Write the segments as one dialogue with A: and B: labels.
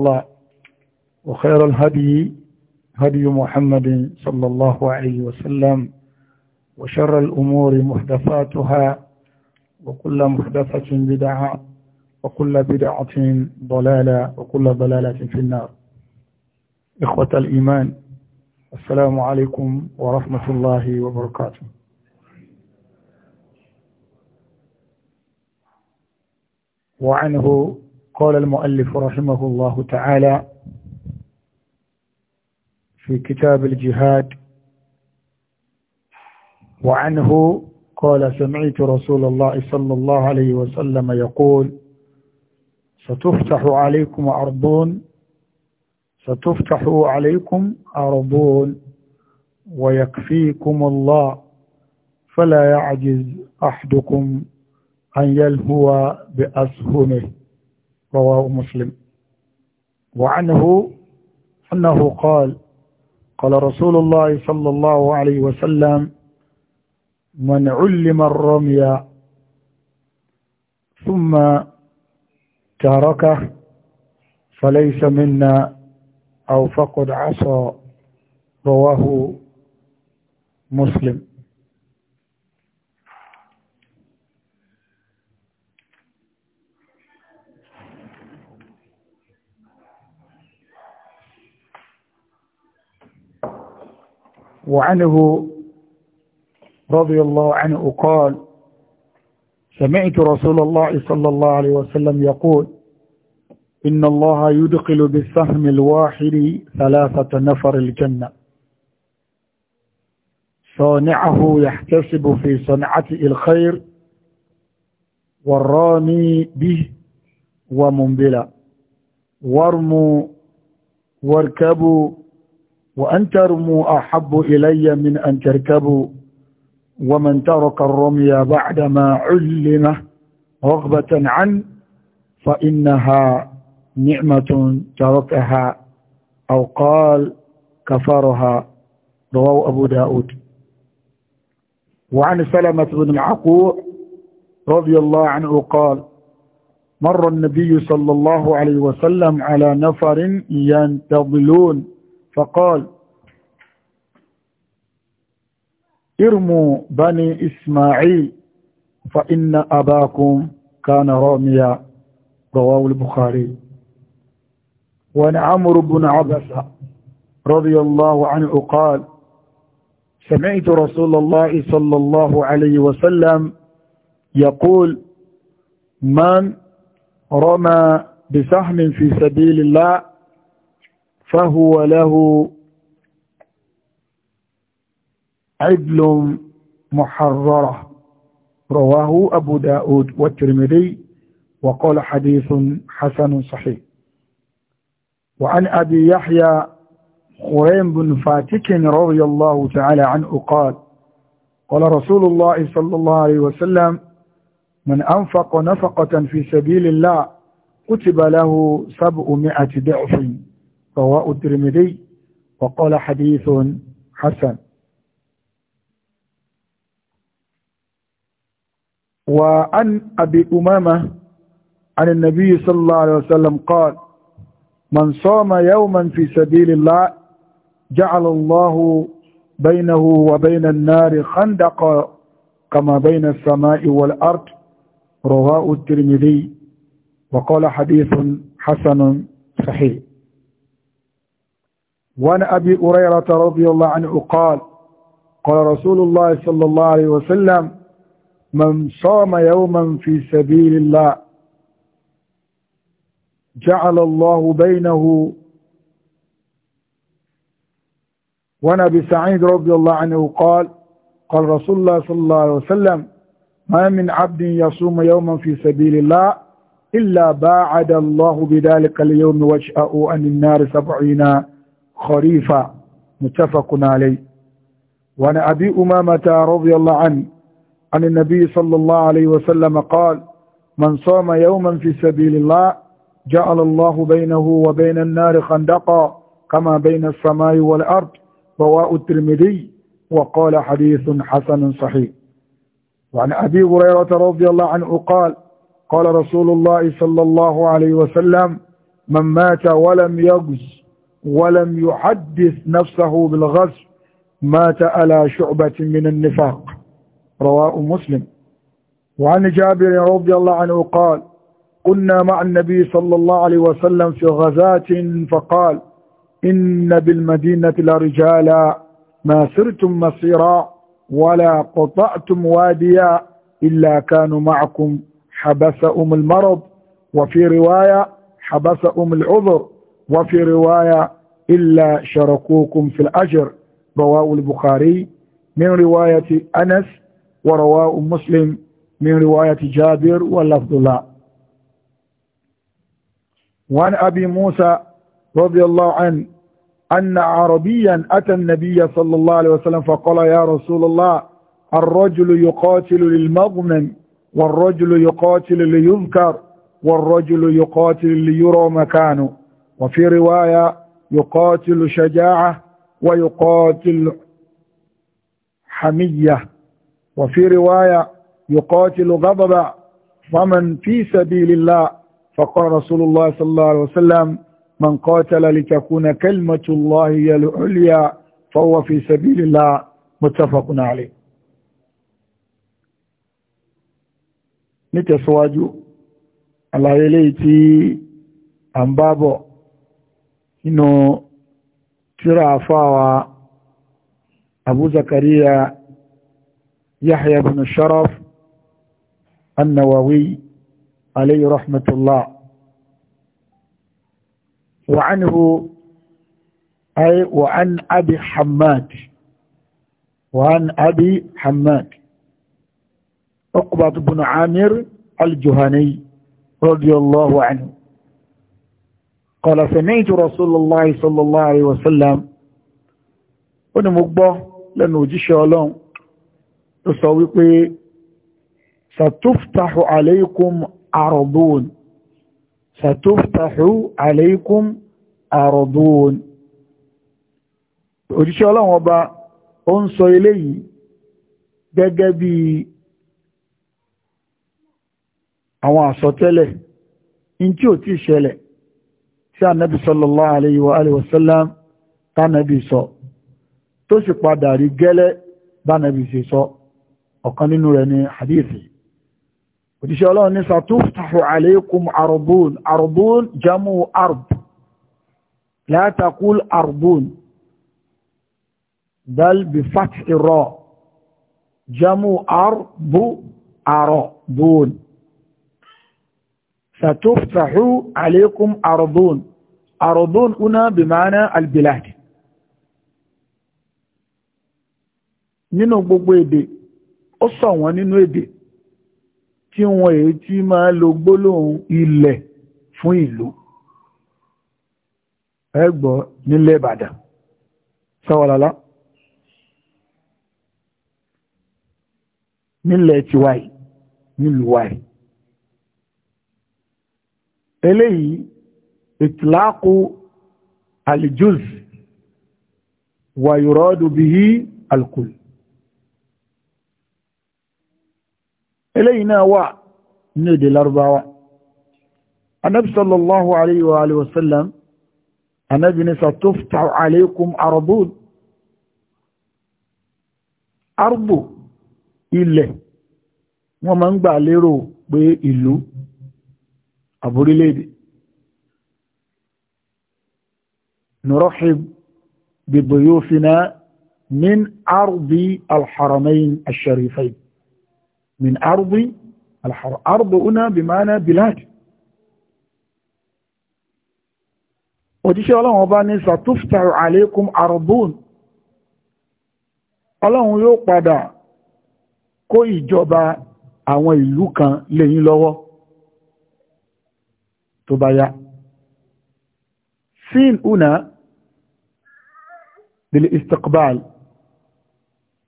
A: الله وخير الهدي هدي محمد صلى الله عليه وسلم وشر الأمور محدثاتها وكل محدثة بدعة وكل بدعة ضلالة وكل ضلالة في النار إخوة الإيمان السلام عليكم ورحمة الله وبركاته وعنه قال المؤلف رحمه الله تعالى في كتاب الجهاد وعنه قال سمعت رسول الله صلى الله عليه وسلم يقول ستفتح عليكم أرضون ستفتح عليكم أرضون ويكفيكم الله فلا يعجز أحدكم أن يلهو بأسهمه رواه مسلم وعنه أنه قال قال رسول الله صلى الله عليه وسلم من علم الرمي ثم تركه فليس منا أو فقد عصى رواه مسلم وعنه رضي الله عنه قال سمعت رسول الله صلى الله عليه وسلم يقول إن الله يدخل بالسهم الواحد ثلاثة نفر الجنة صانعه يحتسب في صنعته الخير والرامي به ومنبلا وارموا واركبوا وأن ترموا أحب إلي من أن تركبوا ومن ترك الرمي بعدما علم رغبة عن فإنها نعمة تركها أو قال كفرها رواه أبو داود وعن سلمة بن العقوع رضي الله عنه قال مر النبي صلى الله عليه وسلم على نفر ينتظلون فقال ارموا بني إسماعيل فإن أباكم كان راميا رواه البخاري وعن عمرو بن عبس رضي الله عنه قال سمعت رسول الله صلى الله عليه وسلم يقول من رمى بسهم في سبيل الله فهو له عدل محررة رواه أبو داود والترمذي وقال حديث حسن صحيح وعن أبي يحيى خريم بن فاتك رضي الله تعالى عنه قال قال رسول الله صلى الله عليه وسلم من أنفق نفقة في سبيل الله كتب له سبعمائة ضعف رواه الترمذي وقال حديث حسن وعن أبي أمامة عن النبي صلى الله عليه وسلم قال من صام يوما في سبيل الله جعل الله بينه وبين النار خندقا كما بين السماء والأرض رواه الترمذي وقال حديث حسن صحيح وعن أبي هريرة رضي الله عنه قال قال رسول الله صلى الله عليه وسلم من صام يوما في سبيل الله جعل الله بينه وعن أبي سعيد رضي الله عنه قال قال رسول الله صلى الله عليه وسلم ما من عبد يصوم يوما في سبيل الله إلا باعد الله بذلك اليوم وجهه عن النار سبعين خريفة متفق عليه وعن أبي أمامة رضي الله عنه عن النبي صلى الله عليه وسلم قال من صام يوما في سبيل الله جعل الله بينه وبين النار خندقا كما بين السماء والأرض فواء الترمذي وقال حديث حسن صحيح وعن أبي هريرة رضي الله عنه قال قال رسول الله صلى الله عليه وسلم من مات ولم يجز ولم يحدث نفسه بالغزو مات على شعبة من النفاق رواه مسلم وعن جابر رضي الله عنه قال كنا مع النبي صلى الله عليه وسلم في غزاة فقال إن بالمدينة لرجالا ما سرتم مصيرا ولا قطعتم واديا إلا كانوا معكم حبسهم المرض وفي رواية حبسهم العذر وفي رواية إلا شركوكم في الأجر رواه البخاري من رواية أنس ورواه مسلم من رواية جابر واللفظ لا وعن أبي موسى رضي الله عنه أن عربيا أتى النبي صلى الله عليه وسلم فقال يا رسول الله الرجل يقاتل للمضمن والرجل يقاتل ليذكر والرجل يقاتل ليرى مكانه وفي رواية يقاتل شجاعة ويقاتل حمية وفي رواية يقاتل غضبا ومن في سبيل الله فقال رسول الله صلى الله عليه وسلم من قاتل لتكون كلمة الله هي العليا فهو في سبيل الله متفق عليه نتسواجو على léyìí tí à nínú tíra àfáwà abu zakariya yahya bin sharaf annawawi alayhi rahmatullah wa anhu ay wa an abi hamad wa an abi hamad uqbat bin amir al قال سمعت رسول الله صلى الله عليه وسلم ó ní mo gbọ́ lẹ́nu òjíṣẹ́ Ọlọ́run tó sọ wípé satuftahu alaykum aradun satuftahu alaykum aradun òjíṣẹ́ Ọlọ́run gẹ́gẹ́ bí àwọn àsọtẹ́lẹ̀ in tí ò ti ṣẹlẹ̀ tí ànábì sallallahu alayhi wa alihi wa sallam tánàbì sọ tó sì padà rí gẹ́lẹ́ bánàbì sì sọ ọ̀kan nínú rẹ̀ ní hadithi òjíṣẹ́ ọlọ́run ní satuftahu alaykum arbun arbun jamu arb la taqul arbun bal bi fathi ra jamu arbu arbun satuftahu أرضون هنا بمعنى البلاد nínú gbogbo èdè ó sọ wọ́n nínú èdè tí wọ́n èyí tí máa lo gbólóhùn ilẹ̀ fún ìlú ẹgbọ́ nílẹ̀ Ìbàdàn sọ́wọ́lọ́lá nílẹ̀ tiwáì nílùú wáì eléyìí ìtìláàkù aljuz wà yùrọ́dù bí i alkul eléyìí náà wà ní èdè Lárúbáwá anábi sallallahu alayhi wa alayhi wa sallam anábi ní sàtúftà alaykum arbun arbu ilẹ̀ wọ́n ma ń gbà lérò pé ìlú àbúrílẹ̀-èdè نرحب بضيوفنا من أرض الحرمين الشريفين من أرض الحرم أرض هنا بمعنى بلاد òtíṣẹ́ ọlọ́run ọba ní sàtúftàrù àlékún àrùbùn ọlọ́run yóò padà kó ìjọba àwọn ìlú kan lẹ́yìn lọ́wọ́ tó bá yá sin una bil istiqbal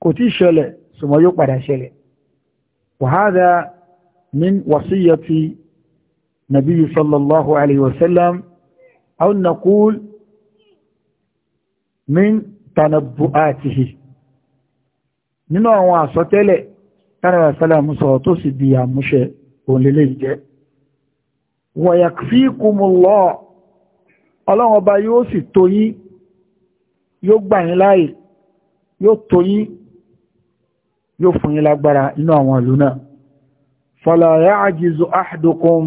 A: kò tí ṣẹlẹ̀ ṣùgbọ́n yóò padà ṣẹlẹ̀ wàhádà min wasiyyati nabiyyi sallallahu alayhi wa sallam aw naqul min tanabbu'atihi nínú àwọn àsọtẹ́lẹ̀ tánàrà sálàmù sọ̀rọ̀ tó sì di àmúṣẹ òun lélẹ́ ìjẹ́ wa yakfikumullah ọlọ́run ọba yóò sì tó yín yóò gbà yín láàyè yóò tó yín yóò fún yín lágbára inú àwọn ìlú náà fala ya'jizu ahadukum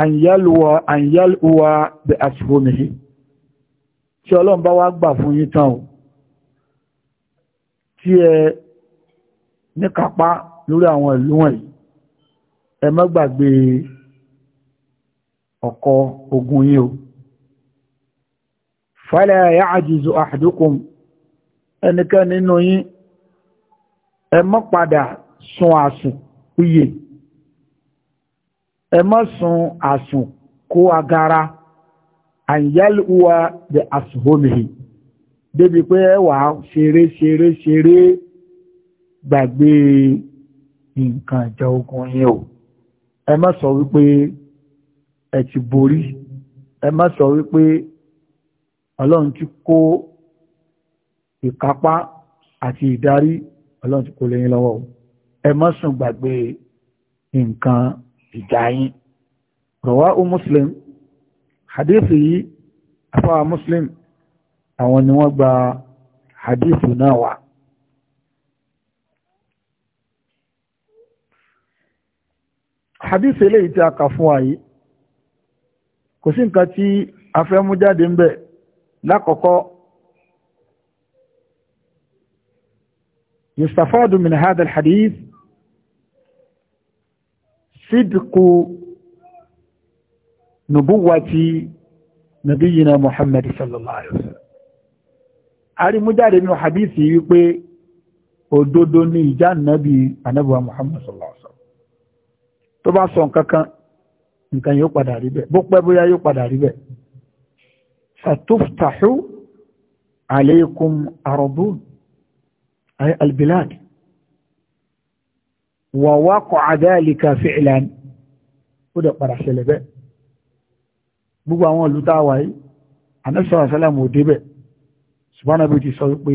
A: an yalwa an yalwa bi tí ọlọ́run bá wá gbà fún yín tán tí ẹ níkapá lórí àwọn ìlú wọ̀nyí ẹ má gbàgbé ọkọ̀ ogun yín fala ya'jizu ahadukum ẹnikẹ́ nínú yín ẹ mọ́ padà sun àsùn uyè ẹ mọ́ sun àsùn kó agara àyẹ́lì uwa the asuhomihi débi pé ẹ wà ṣeré ṣeré ṣeré gbàgbé nǹkan ìjà ogun yẹn o ẹ má sọ wípé ẹ ti borí ẹ má sọ wípé ọlọ́run ti kó ìkápá àti ìdarí ọlọ́run ti kó lẹ́yìn lọ́wọ́ ẹ má sùn gbàgbé nǹkan ìjà rọ̀wá ó muslim hadithi yìí afáwa muslim àwọn ni wọ́n gba hadithi náà wá hadithi eléyìí tí a kà fún wa yìí kò sí nǹkan tí a jáde ń bẹ́ẹ̀ lákọ̀ọ́kọ́ yustafadu min hadha alhadith sidqu nubuwati nabiyina muhammad sallallahu alaihi wasallam arimujade nínú hadithi wípé òdodo ni ìjà nàbí anábíwá muhammad sallallahu alaihi wasallam tó bá sọ nǹkan kan nǹkan yóò padà rí bó bóyá yóò padà rí ستفتح عليكم أرضون أي البلاد ووقع ذلك فعلا وده قرأ سلبة gbogbo àwọn ìlú táwà yìí anẹ́sọ̀rọ̀ sálàmù òdébẹ̀ ṣùgbọ́n àbí ti sọ pé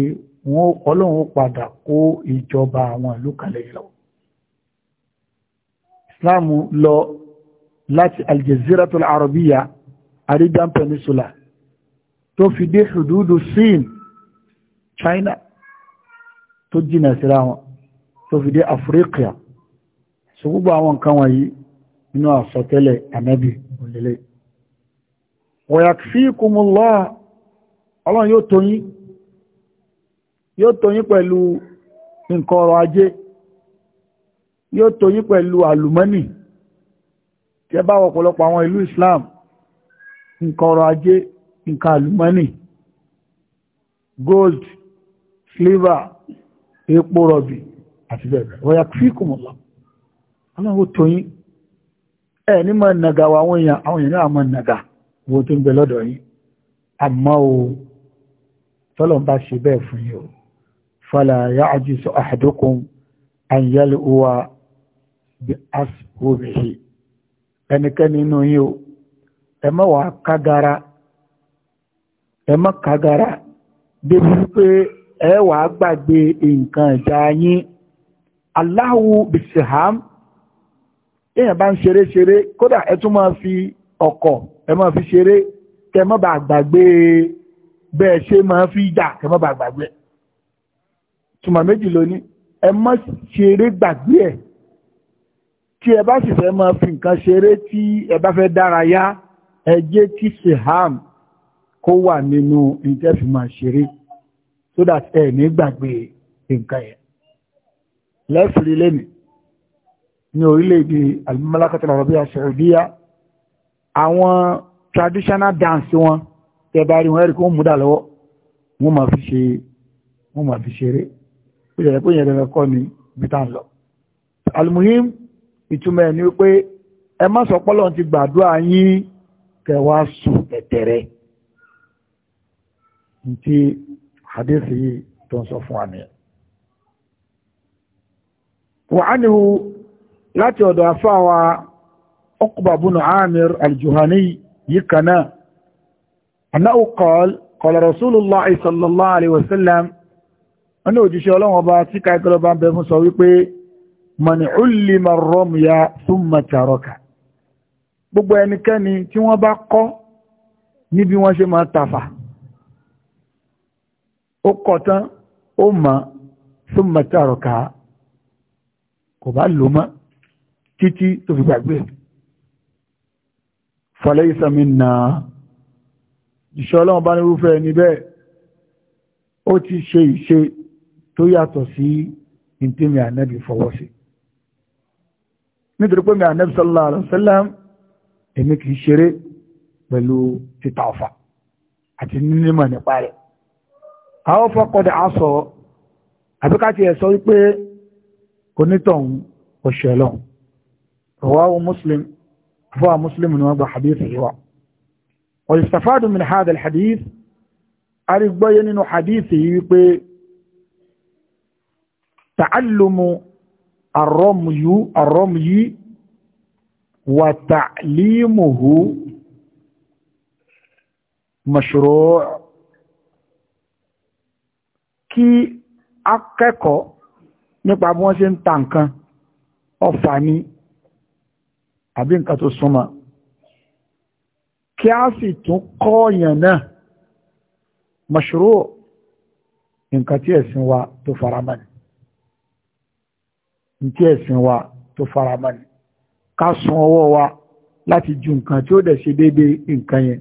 A: wọ́n ọlọ́run padà kó ìjọba àwọn ìlú kalẹ̀ lọ islam lọ láti aljazeera tó lárọ̀bíyà arabian peninsula to fi dé ṣùdúdú China to jìnà síra wọn tó fi dé Africa so gbogbo àwọn nǹkan wọ̀nyí nínú àsọtẹ́lẹ̀ ànábì òlélẹ̀ wọ̀yàkfíkùmùlọ́ ọlọ́run yóò tó yín ajé yóò Islam nke àlùmọ́nì gold silver epo rọbì àti bẹ̀rẹ̀ wọ́n yà fi kùmọ̀lá aláwọ̀ tóyín ẹ̀ ní ma nàgà wa àwọn èèyàn àwọn èèyàn náà ma nàgà wo tó ń bẹ lọ́dọ̀ yìí àmọ́ o tọ́lọ̀ bá ṣe bẹ́ẹ̀ fún yìí o fala ya'jizu ahadukum an yal'uwa bí asìkò rèé ẹnikẹ́ni inú yìí o kágara ẹ kagara débi wípé ẹ wàá gbàgbé nǹkan ìjà yín aláwo bisiham èèyàn bá ń ṣeré ṣeré kódà ẹ tún máa fi ọkọ̀ ẹ máa fi ṣeré kẹ má bàa gbàgbé bẹ́ẹ̀ ṣe máa fi jà kẹ má bàa gbàgbé tùmọ̀ méjì lónìí ẹ má ṣeré gbàgbé ẹ̀ tí ẹ bá sì fẹ́ máa fi nǹkan ṣeré tí ẹ bá fẹ́ dárayá ẹ jẹ́ kí siham kó wà nínú ìjẹ́fì ṣeré so that ẹ̀ ní gbàgbé nǹkan yẹn lẹ́fìrí lẹ́nì ní orílẹ̀-èdè alimamalakata arabia saudiya àwọn traditional dance wọn tẹ́bà rí wọn ẹ̀rí kó múdà lọ́wọ́ wọ́n máa fi ṣe wọ́n máa fi ṣeré ó yẹ̀rẹ̀ pé yẹ̀rẹ̀ rẹ̀ kọ́ ni bíta ń wípé ẹ má sọ ti gbàdúrà yín kẹwàá sùn tẹ̀tẹ̀rẹ̀ ntí hadith yìí tó ń sọ fún wa nìyẹn. وعنه لا تودع فاوى أقبى بن عامر الجهني يكنا أنه قال قال رسول الله صلى الله عليه وسلم أنه جيش الله وباتك أقلب عن بهم سويقه man ulima rọ́mìyà súnmà tàrọ́kà gbogbo ẹnikẹ́ni tí wọ́n bá kọ́ níbi wọ́n ṣe máa tàfà ó kọ́ tán ó mọ̀ súnmọ́ tààrọ̀ ká kò bá lò mọ́ títí tó fi gbàgbé fọlẹ́ ìsàmì náà ìṣọ́ ọlọ́run bá nírúfẹ́ ẹni bẹ́ẹ̀ ó ti ṣe ìṣe tó yàtọ̀ sí ìtìmì ànẹ́bì fọwọ́ sí nítorí pé mi ànẹ́bì sallallahu alaihi èmi kìí ṣeré pẹ̀lú títà ọ̀fà àti nínímọ̀ nípa rẹ̀ àwọn fọ́kọ̀dà aṣọ àbíkáti ẹ̀sọ́ wípé onítọ̀hún ọ̀ṣẹ̀lọ̀ rọwáwó muslim fọ́wà muslim ni wọ́n gba hadith yíwa wọ́n istafadu min hada alhadith arigboye nínú hadith yí wípé ta'allumu arromyu arromyi wa ta'limuhu mashru' kí akẹ́kọ̀ọ́ nípa bí wọ́n ṣe ń ta nǹkan ọfà ni àbí nǹkan tó súnmọ́ kí a sì tún kọ́ọ̀yàn náà mọ̀ṣúrò nǹkan tí ẹ̀sìn wa tó faramani ni nǹkan tí ẹ̀sìn wa tó faramani ni ká sun ọwọ́ wa láti ju nǹkan tí ó dẹ̀ ṣe déédéé nǹkan yẹn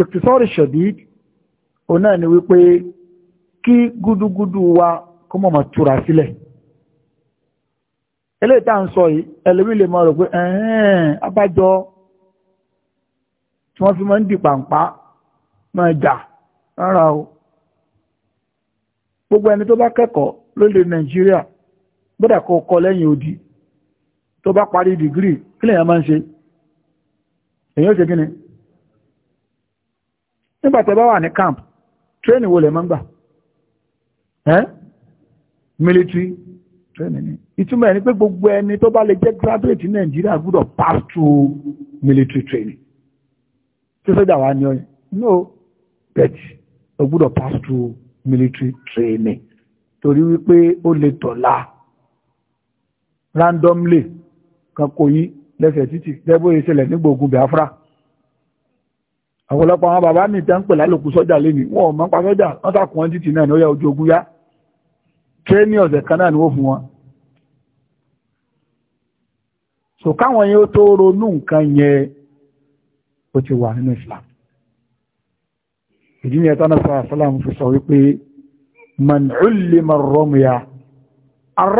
A: ìpìsọ́rì ṣẹ̀dí òun náà ni wípé kí gúdúgúdú wa kó mọ̀mọ̀ túra sílẹ̀ eléta ń sọ yìí ẹlẹ́mí lè mọ̀ rò pé ẹ̀hẹ́n abájọ tí wọ́n fi máa ń di pàǹpá máa jà rárá o gbogbo ẹni tó bá kẹ́kọ̀ọ́ lóde Nàìjíríà gbọ́dọ̀ kó kọ lẹ́yìn odi tó bá parí dìgírì kí lèèyàn máa ń ṣe èyí ó ṣe kí ni nígbà tó bá wà ní camp training wo lè máa ń gbà military training ìtumọ̀ ẹni pé gbogbo ẹni tó bá lè jẹ́ graduate Nàìjíríà gbọ́dọ̀ pass through military training tí sójà wa ni ọ no bet o gbọ́dọ̀ pass through military training torí wípé ó lè tọ̀la randomly kan kò yí lẹ́sẹ̀ títì lẹ́bó ìṣẹ̀lẹ̀ nígbà ogun Biafra ọ̀pọ̀lọpọ̀ àwọn bàbá mi tẹ́ ń pè lálòkù sójà lẹ́nu wọn ò mọ́ pa sójà wọ́n sàkùn wọn títì náà ní ó ojú ogun yá training ọ̀sẹ̀ kan náà ni fún wọn so káwọn yẹn tó ronú nǹkan yẹn ó ti wà nínú Islam ìdí ni ẹ̀tọ́ náà sọ fi sọ wípé man ullima ar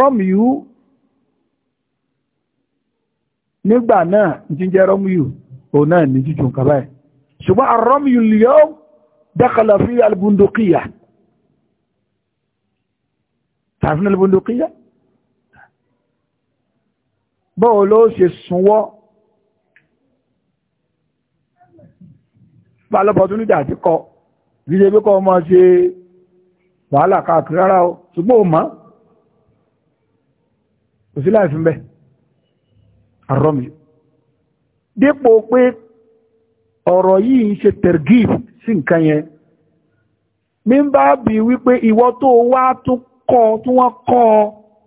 A: nígbà náà jíjẹ́ rọ́míyù òun náà ní jíjù nǹkan ṣùgbọ́n ar-ramyu al-yawm tààfin al-bunduqiyya bọ́ọ̀ ló ṣe súnwọ́ pálọ́pọ̀tún nígbà tí kọ gíje bí kọ ọmọ ṣe wàhálà káàkiri rárá o ṣùgbọ́n ò mọ́ kò sí láìfin bẹ́ àrọ́mì dípò pé ọ̀rọ̀ yìí ń ṣe tẹ̀rgìf sí nǹkan yẹn mímbàbí wípé ìwọ tó wá tún kọ́ tí wọ́n kọ́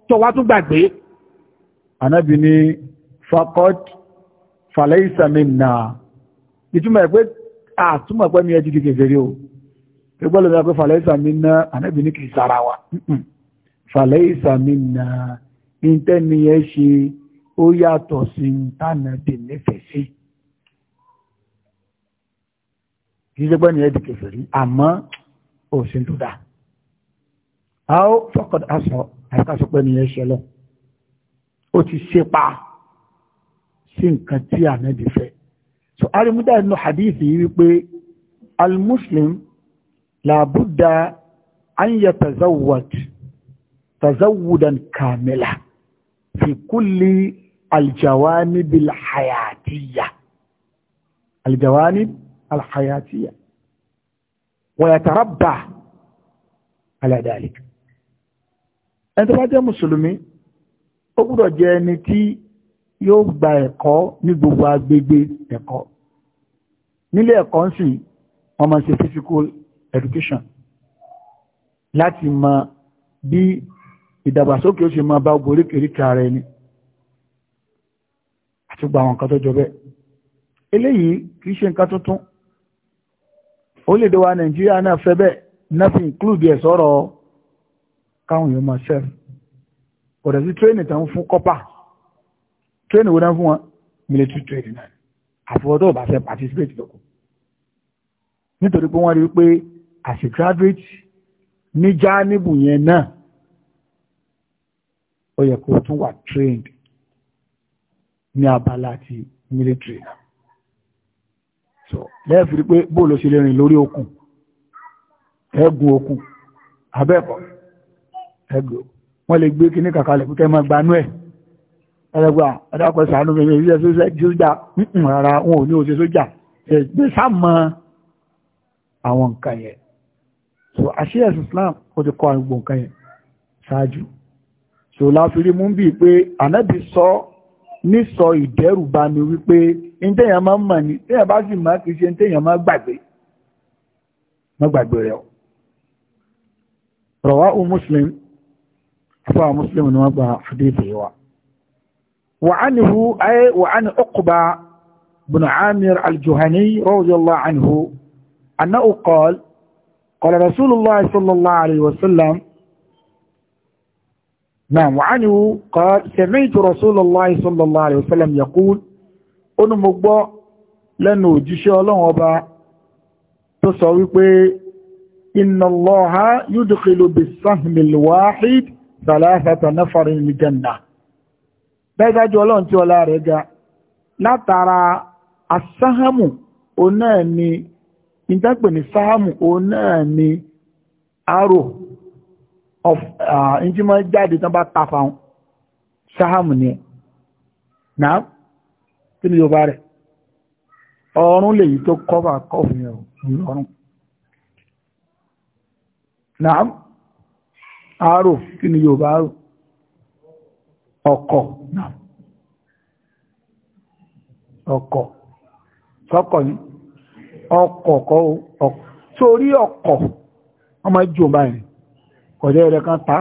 A: tó wá tún gbàgbé anábì ní fakọ́d falaisa-minna ìtumọ̀ pé àtúmọ̀ pé ní ẹjí kìkẹ̀ fèrè o ẹgbẹ́ lọ́dọ̀ pé falaisa-minna anábì ní kìí sára wa falaisa-minna ìtẹ́ni ẹ ṣe ó yàtọ̀ sí tánàdì nífẹ̀ẹ́ sí kìí ṣe pé ní ẹjí kìkẹ̀ fèrè àmọ́ òsìn dáa a ó fọ́kọ̀dá aṣọ àìkásọpẹ́ ní ẹṣẹ́ lọ ó ti ṣepa sí nǹkan tí ànábì fẹ́ so arimúdá inú hadith yìí wípé almuslim làbúdà an yà tazawwad tazawwudan kamila fi kulli aljawanib alhayatiyya aljawanib alhayatiyya wa yatarabba ala dhalika ẹni tó bá jẹ́ mùsùlùmí ó gbúdọ̀ jẹ́ ẹni tí yóò gba ẹ̀kọ́ ní gbogbo agbègbè ẹ̀kọ́ nílé ẹ̀kọ́ ń sì wọ́n máa ṣe physical education láti mọ bí ìdàgbàsókè ó ṣe máa bá gbogbo oríkèríkè ara ẹni àti gba àwọn nǹkan tó jọ bẹ́ẹ̀ eléyìí kìí ṣe nǹkan tuntun ó lè wa Nàìjíríà náà fẹ́ bẹ́ẹ̀ nothing include ẹ̀ sọ̀rọ̀ káwọn èèyàn máa ṣẹ́f ọ̀dẹ̀ sí tírénì tán fún kọ́pà tírénì wo náà fún wọn military training náà àfọwọ́tọ́ bá fẹ́ participate lóko nítorí pé wọ́n rí pé as a graduate ní jáníbù yẹn náà ó yẹ kó tún wà trained ní abala ti military náà so lẹ́ẹ̀fì rí pé bóòlù ṣe lè rìn lórí okùn ẹ̀gùn okùn abẹ́ẹ̀kọ́ ẹgbẹ́ wọ́n lè gbé kíní kàkàlẹ̀ pé kẹ́mọ́ gbanú ẹ̀ ẹlẹ́gbà adákọ̀ sàánú mi ìṣẹ́ sójà rárá wọn ò ní òṣè sójà ẹgbẹ́ sámọ́ àwọn nǹkan yẹn so àṣíyẹ̀ Islam ó ti kọ́ àwọn gbogbo nǹkan yẹn ṣáájú so láfiri mú bíi pé ànábì sọ ní sọ ìdẹ́rùbani wípé ní téèyàn máa ń mọ̀ ní téèyàn bá sì máa kì í ṣe ní téèyàn máa gbàgbé má gbàgbé rẹ̀ o rọ̀wá o Muslim فهو مسلم وضع حديثه وعنه أي وعن عقبة بن عامر الجهني رضي الله عنه أنه قال قال رسول الله صلى الله عليه وسلم نعم وعنه قال سمعت رسول الله صلى الله عليه وسلم يقول أنمقبأ لأنه جيش الله وبا تصوي إن الله يدخل بالسهم الواحد sàlẹ́fẹ̀tọ̀ nẹ́fọ̀rọ̀ ìmìjẹ̀nà bẹ́ẹ̀dájú ọlọ́run tí ọlá rẹ̀ ga látara asáhámù òun ni ìjẹ́pẹ̀ ní sáhámù òun ni arò ìjímọ̀ jáde tán bá ta fáwọn sáhámù ni náà ni yóò bá rẹ̀ tó kọ́ àárò kí ni aro àárò ọkọ̀ náà ọkọ̀ sọ́kọ̀ ní ọkọ̀ kọ́ ọkọ̀ sórí ọkọ̀ wọ́n máa báyìí rẹ̀ kan ta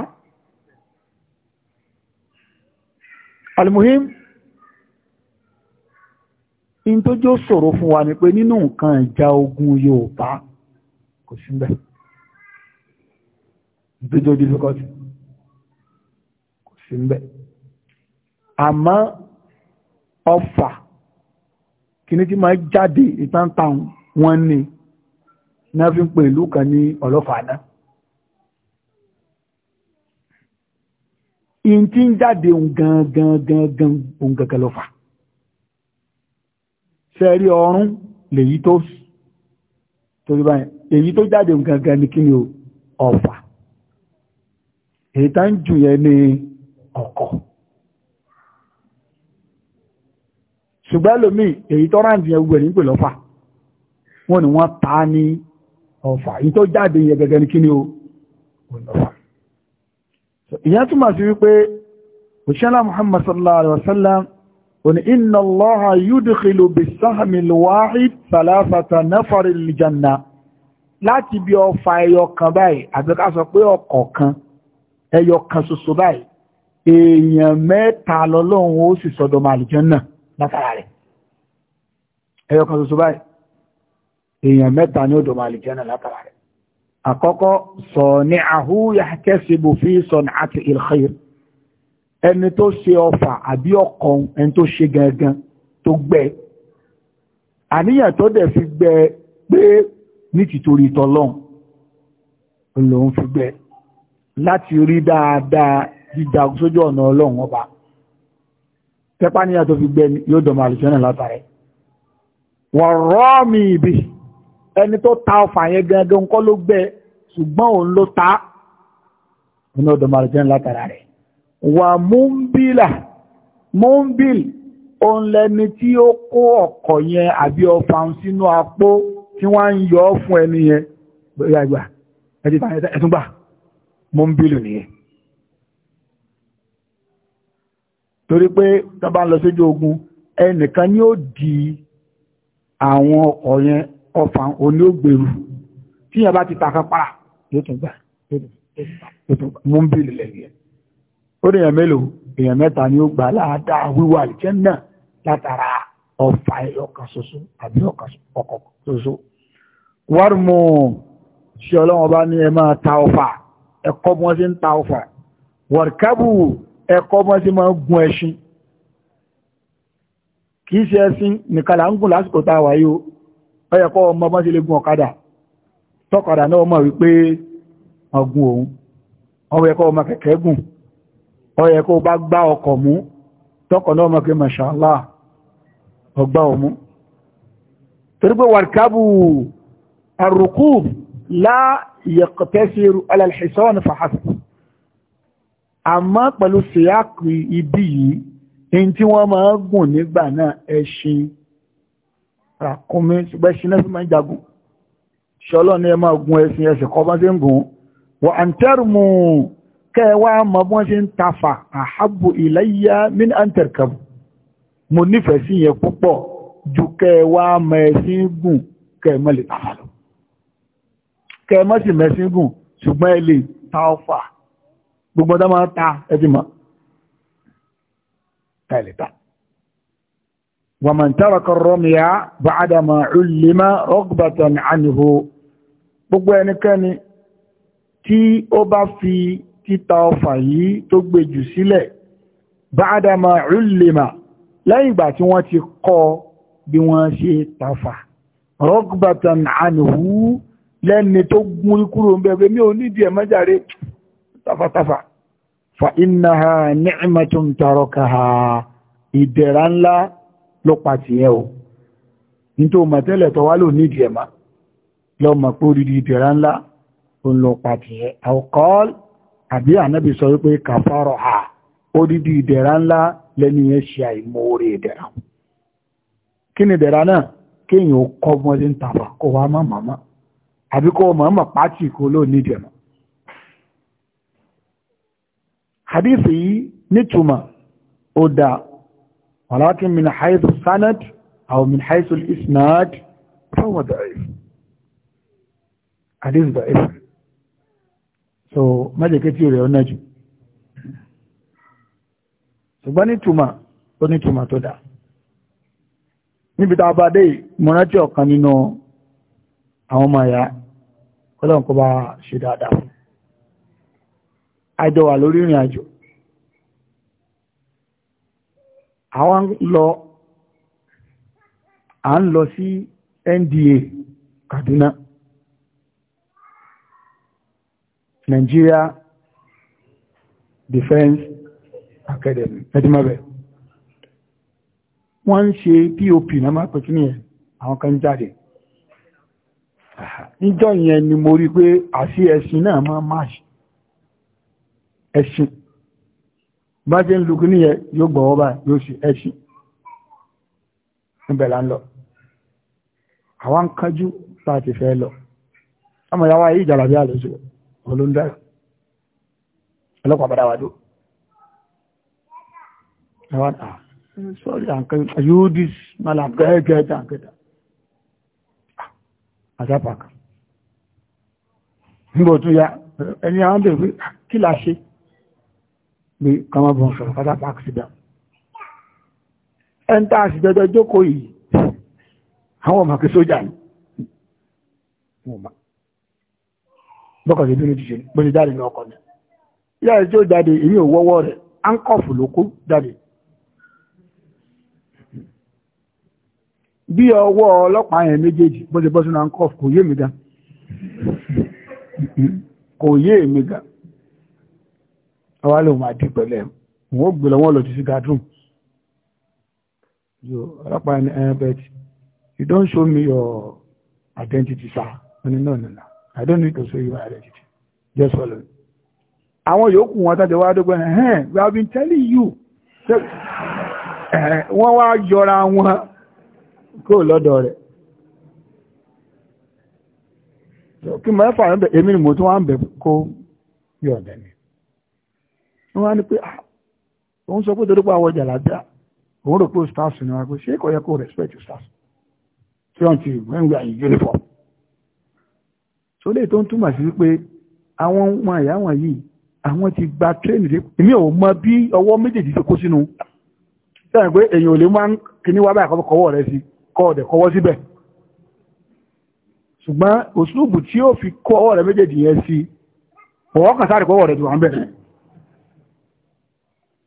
A: in tó jó ṣòro fún wa ni pé nínú nǹkan ìjà ogun yoruba kò dójó difficult kò sí ń bẹ̀ àmọ́ ọfà kìíní tí máa jáde ìtàntàn wọn ni náà fi ń pè ìlú kan ní ọlọ́fàádá in tí ń jáde gangan òun gẹ́gẹ́ lọ́fà sẹ́rí ọrún lèyí tó torí báyìí èyí tó jáde gangan ní kí ni ọfà èyí tá ń jù yẹn ní ọkọ̀ ṣùgbọ́n lómi èyí tó ráǹdì yẹn wẹ̀ nígbè lọ́fà wọ́n ni wọ́n ta ní ọ̀fà èyí tó jáde yẹn gẹ́gẹ́ ní kíní o ọ̀nàfà ìyẹn túmọ̀ sí wípé òṣèlá Muhammad sallallahu alaihi wasallam òní láti bí ọfà ẹyọ kan báyìí àbíká sọ pé ọkọ̀ kan ẹyọ kan ṣoṣo báyìí èèyàn mẹ́ta lọ́lọ́run ó sì sọ́dọ̀ máa lùjọ́ náà látara rẹ̀ ẹyọ kan ṣoṣo báyìí èèyàn mẹ́ta ní ọdọ̀ máa lùjọ́ náà látara rẹ̀ àkọ́kọ́ sọ ní àhúyà kẹ́sìbò fi sọ ní àti ìlxir ẹni tó ṣe ọfà àbí ọkàn ẹni tó ṣe gangan tó gbẹ àníyàn tó dẹ̀ fi gbẹ pé ní tìtorí tọlọ́n lòun fi gbẹ láti rí dáadáa jíjà sójú ọ̀nà ọlọ́run ọba tẹ́pá níyà tó fi gbẹ yóò dọ̀mọ̀ àlùjọ́nà látàrẹ wọ́n rọ́ mi ìbí ẹni tó ta ọfà yẹn gangan kọ́ ló gbẹ ṣùgbọ́n òun ló ta iná dọ̀mọ̀ àlùjọ́nà látàrà rẹ̀ wà múmbìlà múmbìl òun lẹni tí ó kó ọkọ̀ yẹn àbí ọfà sínú apó tí wọ́n ń yọ fún ẹni yẹn gbẹ̀gbà ẹ̀tún múmbílù nìyẹn torí pé tó lọ sójú ogun ẹnìkan ni ó di àwọn ọkọ̀ yẹn ọfà òní ó gbèrú tí yẹn bá ti ta kápá yóò tún gbà múmbílù lẹ́yìn ó ní èèyàn mélòó èèyàn mẹ́ta ni ó gbà láàdáa wíwà ìjẹ́ náà látara ọfà ọkà ṣoṣo àbí ọkà ṣoṣo wárùmù ṣe ọlọ́wọ́n bá ní ẹ máa ta ọfà ẹ̀kọ́ bí wọ́n sí ń ta ọfà wọ̀rkábù ẹ̀kọ́ bí wọ́n sí máa gun ẹṣin kìí ṣe ẹṣin nìkàlà ń gùn lásìkò tá a wà yóò ọyẹ̀kọ́ ọmọ bọ́n sí lè gun ọ̀kadà tọ́kadà náà mọ̀ wípé ọgùn òun ọwẹ́kọ́ ọmọ kẹ̀kẹ́ gùn ọyẹ̀kọ́ bá gbá ọkọ̀ mú tọ́kọ̀ náà mọ̀ pé mọ̀ṣàlá ọgbá òmú torípé wàrkábù àrùkúù la yaqtasiru ala al-hisan fahasb àmọ́ pẹ̀lú síyákì ibi yìí in tí wọ́n máa gùn nígbà náà ẹṣin ràkúnmí ṣùgbọ́n ṣiná fi máa jagun ṣọlọ́ ni ẹ máa gun ẹṣin ẹṣin kọ́ bá ṣe ń gùn wa an tarmu kẹwàá mọ bọ́n ṣe ń tafà ilayya min an tarkabu mo nífẹ̀ẹ́ sí yẹn púpọ̀ ju kẹwàá mọ ẹṣin gùn kẹ mọ́ lè tafà lọ kẹmọ́sì mẹ́sìngùn ṣùgbọ́n ẹ lè ta ọfà gbogbo ọdá máa ta ẹjìmọ̀ tàìlẹ̀ta wà mọ̀ tàràkọ̀ rọ́mìyà bá adàmà ìlímà rọ́gbàtàn àníhò gbogbo ẹnikẹ́ni tí ó bá fi títa ọfà yìí tó gbèjù sílẹ̀ bá adàmà ìlímà lẹ́yìn ìgbà tí wọ́n ti kọ́ bí wọ́n ṣe tafà rọ́gbàtàn àníhò lẹ́ni tó gún ikúrò ń bẹ̀rẹ̀ mí ò tafatafa fa iná ha ní ìmọ̀tún ka ha ìdẹ̀ra ńlá ló pàtì ẹ̀ o lọ mọ̀ pé orí ìdẹ̀ra ńlá ó lọ pàtì ẹ̀ alcohol àbí ànábì sọ wípé kàfàrọ̀ ha ìdẹ̀ra ńlá lẹ́ni yẹn ṣe ìdẹ̀ra kí ni ìdẹ̀ra náà kéèyàn ó kọ́ ń kó wá má màmá àbí kó mọ̀ọ́mọ̀ pàtì kó ló ní ìdẹ̀mọ̀ hadithi yìí nítumọ̀ ó dá walakin min haithu sanad aw min haithu isnad fọwọ́ da'if hadith da'if so májèké tí rẹ̀ ọ́nà jù ṣùgbọ́n nítumọ̀ ó nítumọ̀ tó dá níbi tá a bá dé ìmọ̀rántí ọ̀kan nínú àwọn ọmọ ẹ̀yà kọ́lọ̀n kọ́ bá ṣe dáadáa fún àjọ wà lórí ìrìn àjò àwọn lọ à ń lọ sí NDA Kaduna Nigeria Defence Academy ẹdínmọ́bẹ̀ wọ́n ń ṣe POP náà máa pẹ̀tún ní ẹ̀ àwọn kan jáde níjọ́ yẹn ni mo rí pé àṣí ẹ̀sìn náà máa máṣì ẹ̀sìn bá jẹ́ ń lukú yóò gbọ́ ọba yóò sì ẹ̀sìn níbẹ̀ là àwọn kájú láti fẹ́ lọ wa yìí bí ọlọ́pàá padà yóò dìs àjápàkà nígbò tún ya ẹni àwọn bèèrè pé kí la ṣe pé kọmọ bọ̀ sọ̀rọ̀ pátápàkì síbẹ̀ ẹn tá a sì jọjọ jókòó yìí àwọn ọmọ kí sójà ní bọ́kọ̀ sí bínú jíṣe bó ti jáde ní ọkọ̀ ní ilé ẹ̀ tí ó jáde èyí ò wọ́wọ́ rẹ̀ áńkọ̀fù ló kó jáde bí ọwọ́ ọlọ́pàá yẹn méjèèjì bọ́sẹ̀ bọ́sẹ̀ náà ń kọ́ kò yé mi gan kò yé mi gan ọwá lòun máa dì pẹ̀lẹ́ wọ́n gbé lọ́wọ́ lọ ti sí gadrum yóò ọlọ́pàá yẹn ẹ̀ eh, you don't show me your identity sir wọ́n ní no no no I don't need to show you my identity just follow me àwọn yòókù wọn tàbí wá dọ́gbọ́ ẹ̀hẹ́n eh, eh, we have been telling you wọ́n wá yọra wọn kó lọ́dọ̀ rẹ̀ kí mọ́ ẹ́fà ń bẹ̀ èmi ni mo tún wá ń bẹ̀ kó yọ ọ̀dẹ̀ ni wọ́n wá ní pé ah, òun sọ pé torí pé àwọn ọjà òun rò pé stars ni wọ́n pé ṣé kò yẹ kó respect stars tí wọ́n ti wọ́n ń gbé àyè uniform tó lè tó ń túmọ̀ sí wípé àwọn ọmọ ìyá wọn yìí àwọn ti gba tréènì rí èmi ò mọ bí ọwọ́ méjèèjì ti kó sínú sẹ́yìn pé èèyàn ò lè máa kíní wá báyìí kọ́wọ́ kọ́ ọ̀dẹ̀ kọwọ́ síbẹ̀ ṣùgbọ́n òṣùlùbù tí ó fi kọ́ ọ̀rẹ́ méjèèjì yẹn sí ọwọ́ kan sáré kọ́wọ́ rẹ̀ jù wọ́n bẹ̀rẹ̀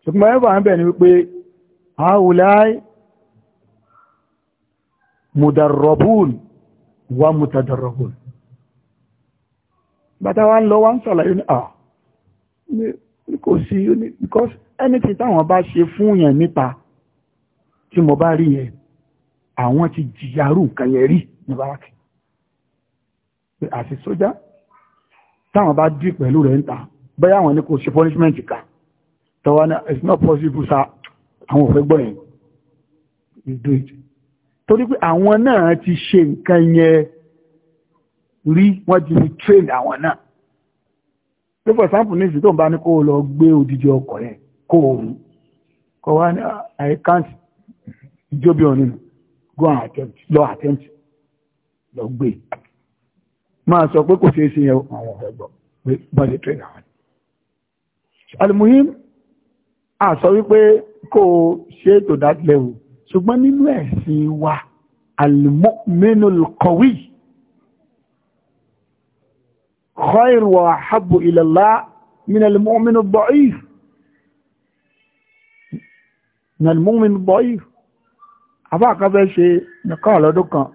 A: ṣùgbọ́n ẹ̀fà ń bẹ̀ ni wípé haulai mudarrabun wa mutadarrabun bàtà wa ń lọ wá ń sàlàyé because anything táwọn bá ṣe fún yẹn níta mo bá rí yẹn àwọn ti jìyàrú nǹkan yẹn rí ní báràkì àti sójá táwọn bá dí pẹ̀lú rẹ̀ ń ta bẹ́yà àwọn ní kò ṣe punishment ká tọwọ́ ní it's not possible sa àwọn òfẹ́ gbọ́ yẹn you do it torí pé àwọn náà ti ṣe nǹkan yẹn rí wọ́n ti fi train àwọn náà pé for example ní ìsìn tó ń bá ní kó lọ gbé odidi ọkọ̀ yẹn kó o rú kọ́ wá ní àìkáǹtì ìjóbi ọ̀nìyàn go and attempt lọ attempt lọ gbé máa sọ pé kò ṣeé ṣe yẹn àwọn ọ̀rẹ́ gbọ́ pé bọ́ọ̀lì train àwọn. alimuhim a sọ wípé kó o ṣe to that level ṣùgbọ́n nínú ẹ̀sìn wa al-mu'minul qawi khayr wa ahabbu ila Allah min al-mu'min ad-da'if min al-mu'min àbá kan fẹ́ ṣe nìkan lọ́dún kan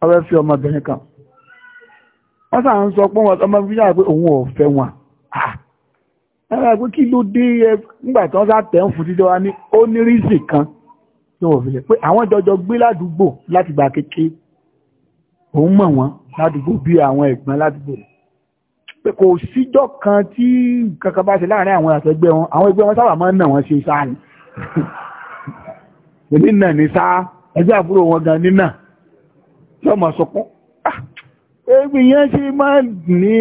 A: wọ́n fẹ́ fi ọmọbìnrin kan wọ́n sà ń sọ pé wọ́n ọmọ fi yára pé òun ò fẹ́ wọn ẹ̀rọ pé kí ló dé ẹ nígbà tí wọ́n sá tẹ̀ ń fún títí wa ní ó ní rísì kan tí wọ́n fi lè pé àwọn jọjọ gbé ládùúgbò láti gbà kéke òun mọ̀ wọ́n ládùúgbò bí àwọn ẹ̀gbọ́n ládùúgbò pé kò síjọ́ kan tí kankan bá ṣe láàárín àwọn àtẹgbẹ́ wọn àwọn ẹgbẹ́ wọn sábà máa ń nà wọ́n ṣe sáà ni nínà ní sáá ẹjọ́ àbúrò wọn gan nínà lọ́mọ sọkún ebi ah, yẹn ṣe máa ní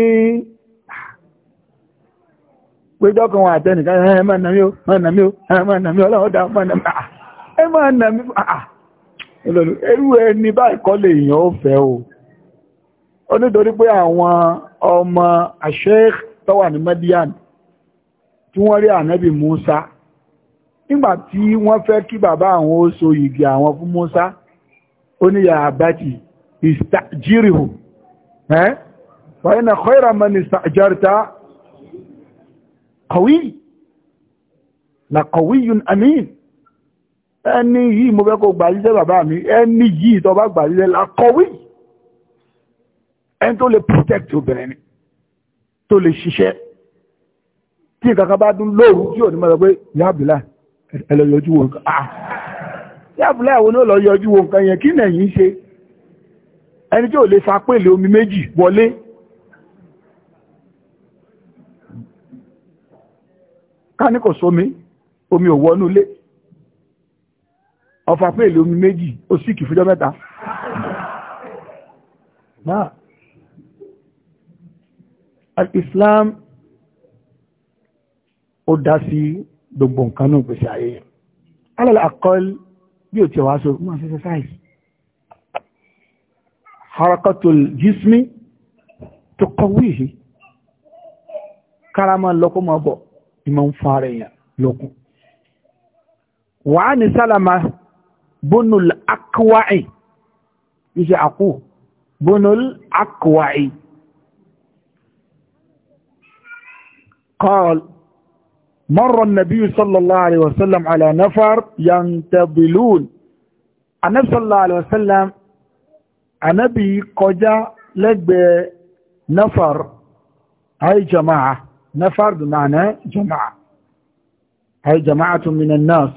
A: péjọ́ kan wà àtẹnìkan ẹ máa nà mí o máa nà mí o ẹ máa nà mí ọlọ́run dá máa nà mí ah, ẹ máa nà mí ẹrú ah, ẹni báyìí kọ́ lè yàn ó fẹ́ o ó nítorí pé àwọn ọmọ àṣẹ tó ní Madian tí wọ́n rí ànábì Musa nígbà tí wọ́n fẹ́ kí bàbá àwọn ó so igi àwọn fún Musa ó ní yà àbátì ìstajírìhù ẹ́ wáyé na kọ́ìrà mọ́ ní ìstajárta kọ̀wí na kọ̀wí yun amin ẹni yìí mo fẹ́ kó gbàjíṣẹ́ bàbá mi ẹni yìí tó bá gbàjíṣẹ́ la kọ̀wí ẹni tó lè protect obìnrin ni tó lè ṣiṣẹ́ tí nǹkan bá dún lóòrù tí ò ní mọ́ pé yá Abdullahi ẹlọ yọjú wo nǹkan ah tí àbúlé àwọn náà lọ yọjú wo nǹkan yẹn kí nẹ̀yìn ṣe ẹni tí ò lè fa pèlè omi méjì wọlé ká ní kò sómi omi ò wọnú ilé ọfà pèlè omi méjì ó sì kì fújọ́ mẹ́ta al-Islam ó dá sí gbogbo nǹkan náà gbèsè ayé yẹn alẹ́ àkọ́l bí o ti wá so máa ṣe exercise harakatul jismi tó kọ̀wé yìí kára máa lọ́kọ́ máa bọ̀ ìmọ̀ ń fara èèyàn lọ́kùn wàá ní sálàmà bónul akwa'i iṣẹ́ àkú bónul akwa'i مر النبي صلى الله عليه وسلم على نفر ينتظلون النبي صلى الله عليه وسلم النبي قجا لك نفر أي جماعة نفر بمعنى جماعة أي جماعة من الناس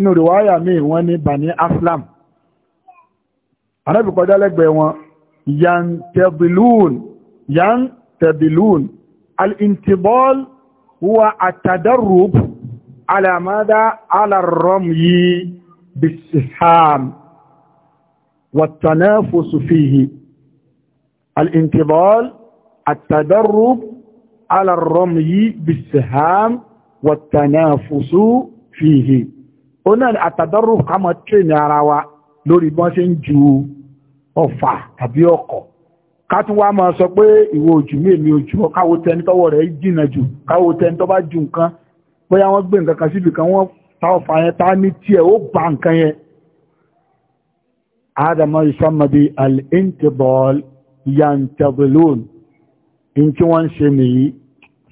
A: إنه رواية مين واني بني أسلم النبي قجا لك ينتظلون ينتظلون الانتظال huwa atadarrub ala madha ala ramyi bisiham والتنافس فيه الانتظال التدرب على الرمي بالسهام والتنافس فيه هنا التدرب كما ترين arawa lórí bọ́n ṣe ń ju ọfà tàbí ọkọ̀ kátún wá máa sọ pé ìwọ ojú mi èmi ojú ọ káwo tẹni tọwọ́ rẹ̀ jìnnà jù káwo tẹni tọ́ bá ju nǹkan bóyá wọ́n gbé nǹkan kan síbi kan wọ́n ta ọfà yẹn ta ní tiẹ̀ ó gba nǹkan yẹn. ádámà ìsọmọbi al-intibol yantabilon ní tí wọ́n ń ṣe nìyí.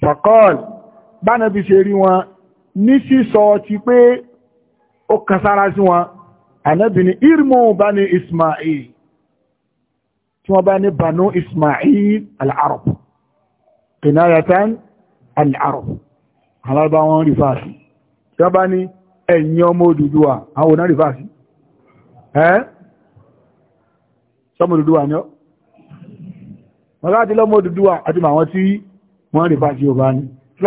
A: fakọ́l bánabi ṣe rí wọn ní sísọ ti pé ó kan sára sí wọn ànábì ní irmu bani Ismail tí wọ́n bá ní banu ismail al'arab kinayatan al'arab alárùbá wọn rí fàásì tí wọ́n bá ní ẹ̀yìn ọmọ Odùduwà àwọn onárí fàásì ẹ́ sọmọ Odùduwà ní ọ́ wọ́n láti lọ́mọ Odùduwà àti àwọn tí wọ́n rí fàásì bá ní tí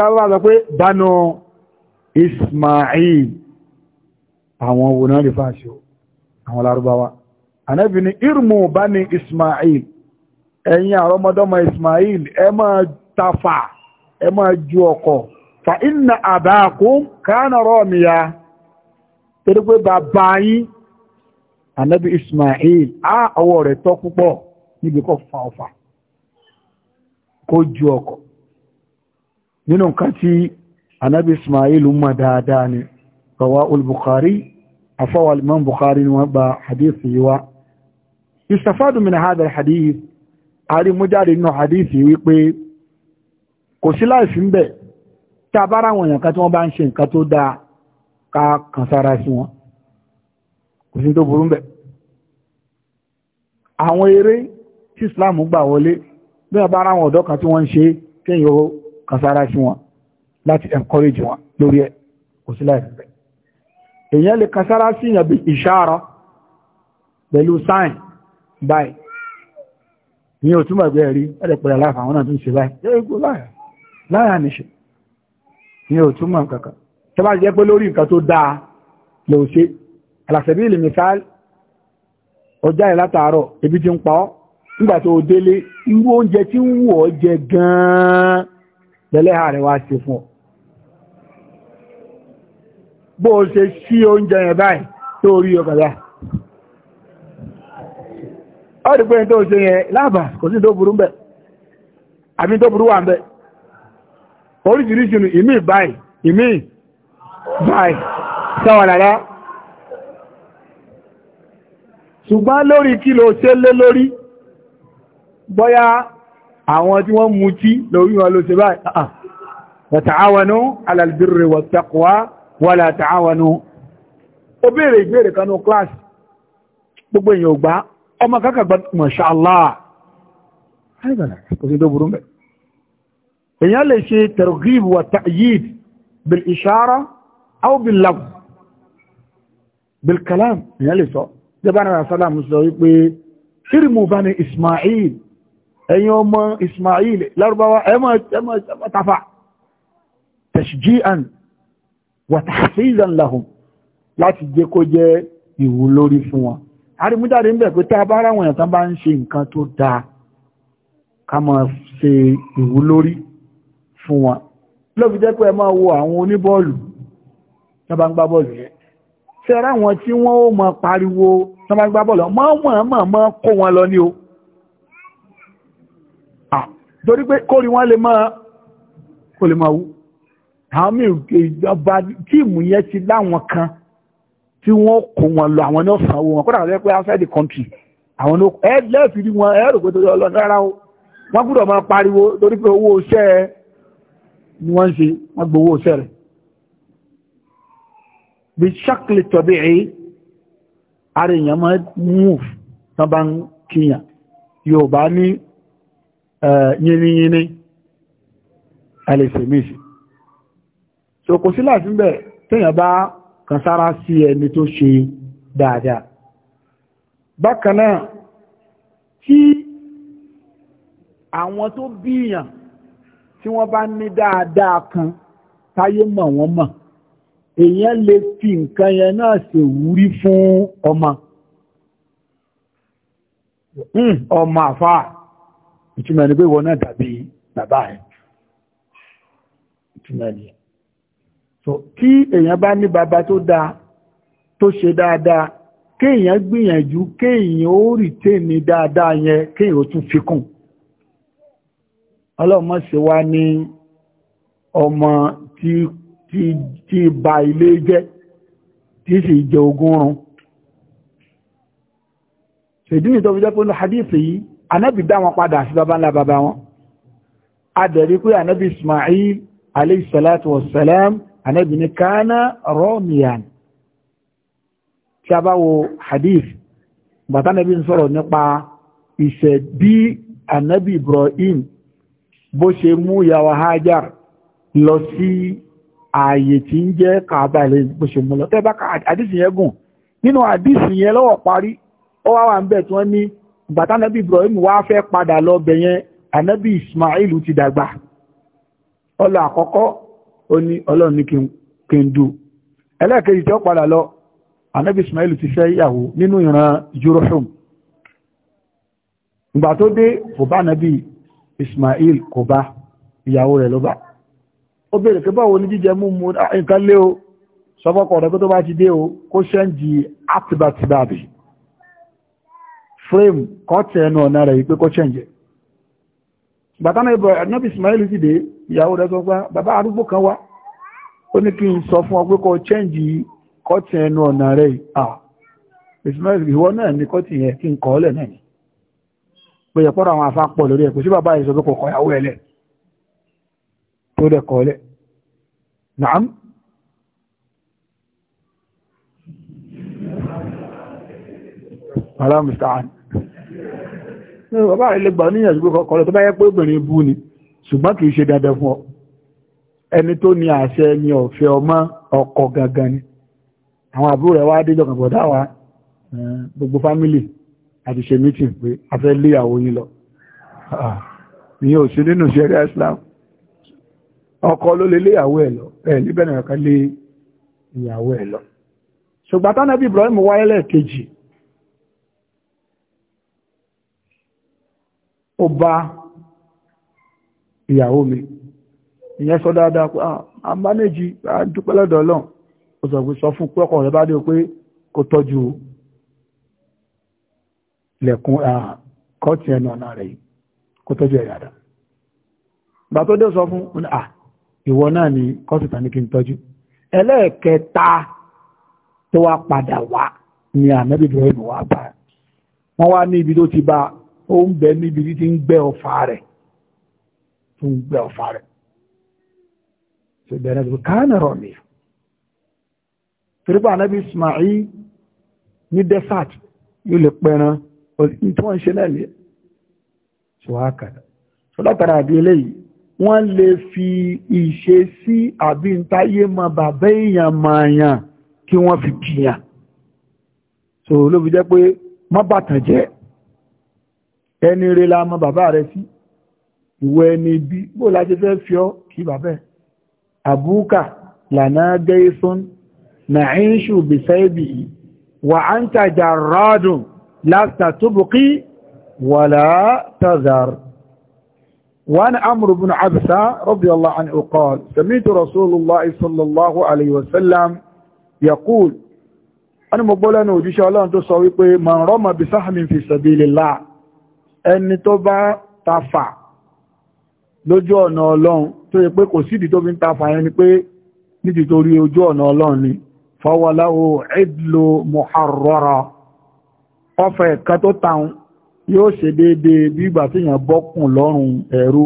A: wọ́n pé ànábì ní irmu bani ismail ẹ̀yin àrọ́mọdọ́mọ ismail ẹ máa tafà ẹ máa ju ọkọ̀ fa inna abakum kana ramiya torí pé bàbá yín ànábì ismail á ọwọ́ rẹ̀ tọ́ púpọ̀ níbi kọ́ fa ọfà kó ju ọkọ̀ nínú nǹkan tí ànábì ismail mọ̀ dáadáa ni rawa al-bukhari afọ́wà ni wọ́n gba hadith yìí ìsàfádù min hadha hadith àrímújáde nínú hadith wípé kò sí láìsí ń bẹ̀ tí a bára àwọn èèyàn kan tí wọ́n bá ń ṣe nǹkan tó dáa ká kàn sára sí wọn kò sí tó burú ń bẹ̀ àwọn eré tí Islam gbà wọlé bí wọ́n bára àwọn ọ̀dọ́ kan tí wọ́n ń ṣe kéèyàn ó kàn sára sí wọn láti encourage wọn lórí ẹ̀ kò sí láìsí ń bẹ̀ èèyàn lè kàn sára sí ìyàn bí pẹ̀lú sáìn báyìí ní òtúmọ̀ ẹgbẹ́ rí ẹ̀dẹ̀pẹ̀rẹ̀ láàfà àwọn náà tún ṣe báyìí yóò gbó láyà láyà níṣẹ́ ní òtúmọ̀ kankan tó bá jẹ́ pé lórí nǹkan tó dáa lò ṣe alàṣẹ̀bí ilẹ̀ mìsáàl ọjà ẹ̀ látàárọ̀ ebi ti ń pa ọ́ nígbà tó délé irú oúnjẹ tí ń wù ọ́ jẹ gan-an lẹ́lẹ́hà rẹ̀ wá ṣe fún ọ bó o ṣe sí oúnjẹ yẹn báyìí tó rí ọkàn báyìí ọdún pé tó ṣe yẹn lábàá kò sí tó burú ń bẹ̀ àbí tó burú wà ń bẹ̀ oríṣiríṣi ni ìmí báyìí ìmí báyìí sáwọn lára ṣùgbọ́n lórí kí ló ṣe lé lórí bóyá àwọn tí wọ́n mú tí lórí wọn ló ṣe báyìí ah, ah. wa ta'awanu 'ala al-birri wat-taqwa wa la ta'awanu ó béèrè ìbéèrè kanú kíláàsì gbogbo èèyàn ọmọ kankan gba masha Allah ayébàlá kò sí tó burú mẹ́ èyàn lè ṣe targhib wa ta'yid bil ishara aw bil lafz bil kalam èyàn lè sọ jẹba náà sálàmù sọ wípé irmu bani Ismail ẹ̀yin ọmọ Ismail láti jẹ́ kó jẹ́ ìwúlórí fún wọn arimúdáre ń bẹ̀ pé tá a bá ráwọn èèyàn tán bá ń ṣe nǹkan tó dáa ká máa ṣe ìwú lórí fún wọn lọ́fi jẹ́ pé ẹ máa wo àwọn oníbọ́ọ̀lù tán bá tí wọ́n ó o torí pé kórí wọn lè máa kó lè máa wú àwọn ti láwọn kan tí wọ́n kó wọn lọ àwọn náà sanwó wọn kódà wọ́n pé outside the country àwọn ló ẹ lẹ́ẹ̀fì rí wọn ẹ̀rọ pé torí ọlọ́run rárá o wọ́n gbúdọ̀ máa pariwo torí pé owó iṣẹ́ ni wọ́n ń ṣe wọ́n gbowó iṣẹ́ rẹ̀ bí ṣákìlì tọ́bí ẹ̀ ara èèyàn máa move tán bá ń kíyàn yóò bá ní yínníyínní alẹ́sẹ̀mẹ́sì so kò sí láti ń kan sára sí ẹni tó ṣe dáadáa bákan náà tí àwọn tó bíyàn tí wọ́n bá ní dáadáa kan táyé mọ̀ wọ́n mọ̀ èèyàn lè fi nǹkan yẹn náà ṣèwúrí fún ọmọ hmm, ọmọ àfà ìtumọ̀ ni pé ìwọ náà dàbí bàbá ẹ̀ ìtumọ̀ ni ẹ̀ so kí èèyàn bá ní bàbá tó dáa tó ṣe dáadáa kéèyàn gbìyànjú kéèyàn ó rìtẹ́ẹ̀nì dáadáa yẹn kéèyàn ó tún fi kún ọlọ́mọ ṣe wá ní ọmọ tí tí tí ba ilé jẹ́ tí sì jẹ ogún run ṣèdíyìn tó fi jẹ́ pé hadith yìí anábì dá wọn padà sí bàbá ńlá bàbá wọn a pé anábì Ismail alayhi salatu wassalam Ànábì ní kánà rọ́mìyàn tí a bá wo hadith bàtà Ànábì ń sọ̀rọ̀ nípa ìṣẹ̀ bí Ànábì Ibrahim bó ṣe mú ìyàwó Hajar lọ sí ààyè tí ń jẹ́ Kaaba ilé bó ṣe mú lọ tẹ́ bá ka hadith yẹn gùn nínú hadith yẹn lọ́wọ́ parí ó wá wà ń bẹ̀ tí wọ́n ní bàtà Ànábì Ibrahim wá fẹ́ padà lọ bẹ̀yẹn Ànábì Ismail ti dàgbà ọlọ àkọ́kọ́ ó ní ọlọ́run ní kí n dù ẹlẹ́ẹ̀kejì tí ó padà lọ anabi ismail ti fẹ́ ìyàwó nínú ìran jurahum ìgbà tó dé kò bá anabi ismail kò bá ìyàwó rẹ̀ ló bá ó bèèrè pé báwo ni jíjẹ mú mú ah, nǹkan lé o sọfọ́kọ̀ rẹ̀ tó bá ti dé o kó ṣẹ́ǹjì átìbátìbábì frame kọ́tẹ̀ ẹnu ọ̀nà rẹ̀ yìí pé kó ṣẹ́ǹjẹ̀ bàtánà ìbọ̀ anabi ismail ti dé ìyàwó rẹ̀ sọ pé bàbá arúgbó kan wá ó ní kí n sọ fún ọ pé kó chẹ́ǹjì kọ́tì ẹnu ọ̀nà rẹ̀ ìwọ náà ní kọ́tì yẹn kí n kọ́ ọ́lẹ̀ náà ni pé ẹ̀pọ́ àwọn afá pọ̀ lórí ẹ̀kùn sí bàbá ìsọ pé kò kọ̀ ìyàwó ẹ̀lẹ̀ tó dẹ̀ kọ̀ ọ̀lẹ̀ naam aláàmùsáàn bàbá ilẹ̀ gbà níyànjú pé kọ̀ọ̀lẹ̀ tó bá yẹ pé obìnrin bú ni ṣùgbọ́n kìí ṣe dandan fún ọ ẹni tó ní àṣẹ ni ọ̀fẹ́ ọmọ ọkọ gangan ni àwọn àbúrò rẹ̀ wá déjọ kan bọ̀dá wa eh, gbogbo fámìlì àti ṣe mítìn pé a fẹ́ léyàwó yín lọ ah, ìyẹn ò sí nínú ṣẹ̀ríà Islam ọkọ ló lè léyàwó ẹ̀ lọ ẹ̀ níbẹ̀ náà kan lé ìyàwó ẹ̀ lọ ṣùgbọ́n tánàbí Ibrahim wáyé lẹ́ẹ̀kejì ó bá ìyàwó mi ìyẹn sọ dáadáa pé a mánéjì a dúpẹ́ lọ́dọ̀ ọlọ́run ó sọ pé sọ fún pé ọkọ rẹ bá dé pé kó tọ́jú lẹ̀kún kọ́ọ̀tì ẹnu ọ̀nà rẹ̀ yìí kó tọ́jú ẹ̀ dáadáa gbà tó dé sọ fún un à ìwọ náà ni kọ́ọ̀tì tani kí n tọ́jú ẹlẹ́ẹ̀kẹta tó wá padà wá ni ànábì Ibrahim wá bá wọ́n wá ní ibi tó ti bá ó ń bẹ níbi tí ń gbẹ́ ọfà rẹ̀ tó ń gbé ọ̀fà rẹ̀ ṣe bẹ̀rẹ̀ bí káàna rọ̀ mi torípa anábì Ismail ní desert yóò lè pẹran ní tí wọ́n ń ṣe náà lé ṣùwákàdà ṣọlọ́tara àbí eléyìí wọ́n lè fi ìṣe sí àbí ntáyé mọ bàbá èèyàn mọ̀ọ̀yàn kí wọ́n fi jiyàn so ló fi jẹ́ pé má jẹ́ ẹni rẹ̀ la mọ bàbá rẹ̀ sí ìwọ ẹni bí bó láti fẹ́ fi ọ́ kí bàbẹ́ àbúkà lànà gẹ́ẹ́sùn nàíṣù bìsẹ́bì wà á ń tàjà rádùn láta túbùkí wàlá tazar وعن عمرو بن عبسة رضي الله عنه قال سمعت رسول الله صلى الله عليه وسلم يقول أنا مقبولا نوجيش الله أن تصويق من رمى بسهم في سبيل الله أن تبع تفع lójú ọ̀nà ọlọ́run tó yẹ pé kò sídìí tó fi ń tafà ẹni pé nítorí ojú ọ̀nà ọlọ́run ni fọwọ́láwò ìdlò mọ̀hárọ́rọ̀ ọfẹ́ ẹ̀kan tó tàun yóò ṣe déédé bí ìgbà tí yàn bọ́kùn lọ́rùn ẹ̀rú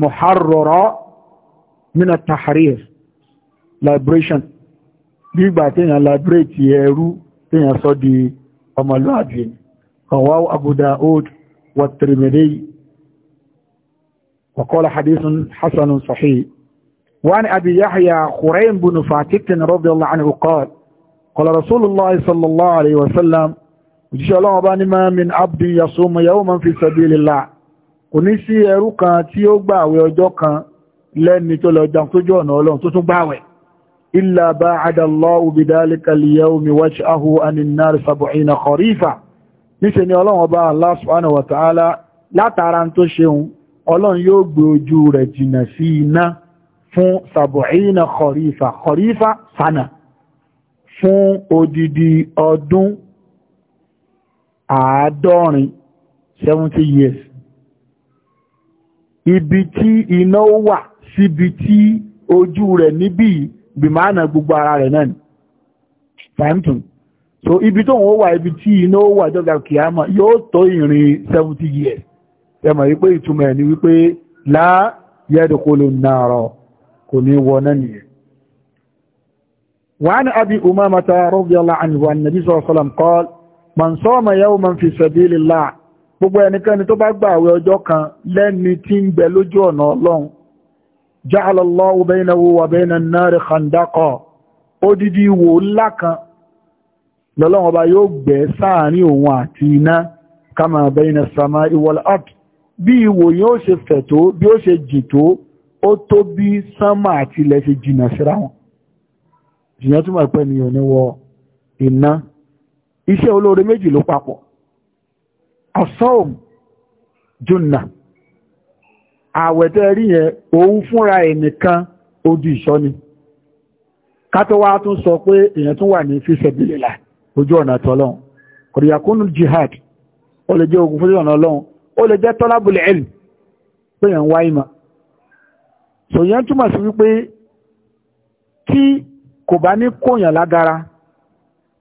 A: mọ̀hárọ́rọ̀ mina tahrir liberation bí ìgbà tí yàn liberate ẹ̀rú tí yàn sọ di ọmọlúwàbí ọwọ́ Abu Daud wà Tirmidhi وقال حديث حسن صحيح وعن أبي يحيى خريم بن فاتك رضي الله عنه قال قال رسول الله صلى الله عليه وسلم òjíṣẹ́ ọlọ́run bá ní máa min abdi yasoma yawman fi sabilillah kò ní sí ẹrú kan tí ó gbààwẹ̀ ọjọ́ kan lẹ́ni tó lọ jẹun tójú ọ̀nà ọlọ́run tó tún gbààwẹ̀ illa ba'ada Allahu bidhalika al-yawmi wajhahu anin nar sab'ina kharifa níṣẹ́ ni ọlọ́run ọba Allah subhanahu wa ta'ala látara tó ṣeun ọlọ́run yóò gbé ojú rẹ̀ jìnà sí iná fún sàbọ̀ínà kọ̀rífà kọ̀rífà sánà fún odidi ọdún àádọ́rin 70 years ibi tí iná wà síbi tí ojú rẹ̀ níbí bìmánà gbogbo ara rẹ̀ náà ni so ibi tó wọ́n wà ibi tí iná wà jọ́gà kìámà yóò tó ìrìn 70 years ẹmọ̀ wípé ìtumọ̀ ẹ̀ ni wípé láyẹ́dùkúlù náàrọ̀ kò ní wọ́n náà nìyẹn وعن أبي أمامة رضي الله عنه النبي صلى الله عليه وسلم قال من صام يوما في سبيل الله gbogbo ẹnikẹ́ni tó bá gbà àwẹ̀ ọjọ́ kan lẹ́ni جعل الله بينه وبين النار خندقا odidi wo ńlá kan lọ́lọ́run ọba yóò gbẹ́ sáàrin òun àti iná kama bayna as-sama'i wal bí ìwò yóò ṣe fẹ̀ tó bí ó ṣe jì tó ó tó bí sánmà àti ilẹ̀ ṣe jìnà síra wọn jìyàn túmọ̀ pé ènìyàn ní wọ iná iṣẹ́ olóore méjì ló papọ̀ asọ́ọ̀m jùnà àwẹ̀tẹ́ rí yẹn òun fúnra ẹnìkan ojú ìṣọ́ni ká tó tún sọ pé èèyàn tún wà ní fíṣẹ̀bìlélà ojú ọ̀nà tọ́lọ́hun kọ̀dìyàkúnnù jihad ó lè jẹ́ ogun fún ọ̀nà ọlọ́run ó lè jẹ́ talabul ilm pé yàn wá ìmọ̀ sòyàn túmọ̀ sí wípé tí kò bá ní kóyàn lágara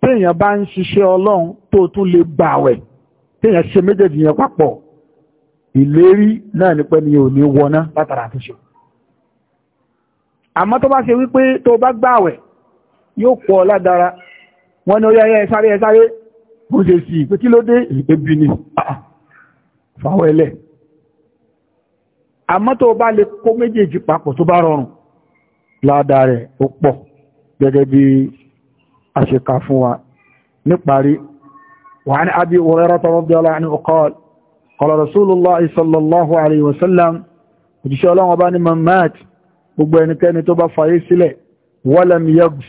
A: téèyàn bá ń ṣiṣẹ́ ọlọ́run tó tún lè bàwẹ̀ téèyàn ṣe méjèèjì yẹn papọ̀ ìlérí náà ní ni ò ní wọná látara àtúnṣe àmọ́ tó bá ṣe wípé tó bá gbàwẹ̀ yóò pọ̀ ládara wọ́n ní orí ayé ẹ̀sáré ẹ̀sáré bó ṣe sí pé kí ló dé ebi ni fàwọ́ ẹlẹ́ àmọ́ tó bá lè kó méjèèjì papọ̀ tó bá rọrùn ládàá rẹ̀ ó pọ̀ gẹ́gẹ́ bí a fún wa níparí وعن أبي هريرة رضي الله عنه قال قال رسول الله صلى الله عليه وسلم òjíṣẹ́ ọlọ́run ọba ní mamat gbogbo ẹnikẹ́ni tó bá fayé sílẹ̀ walam yags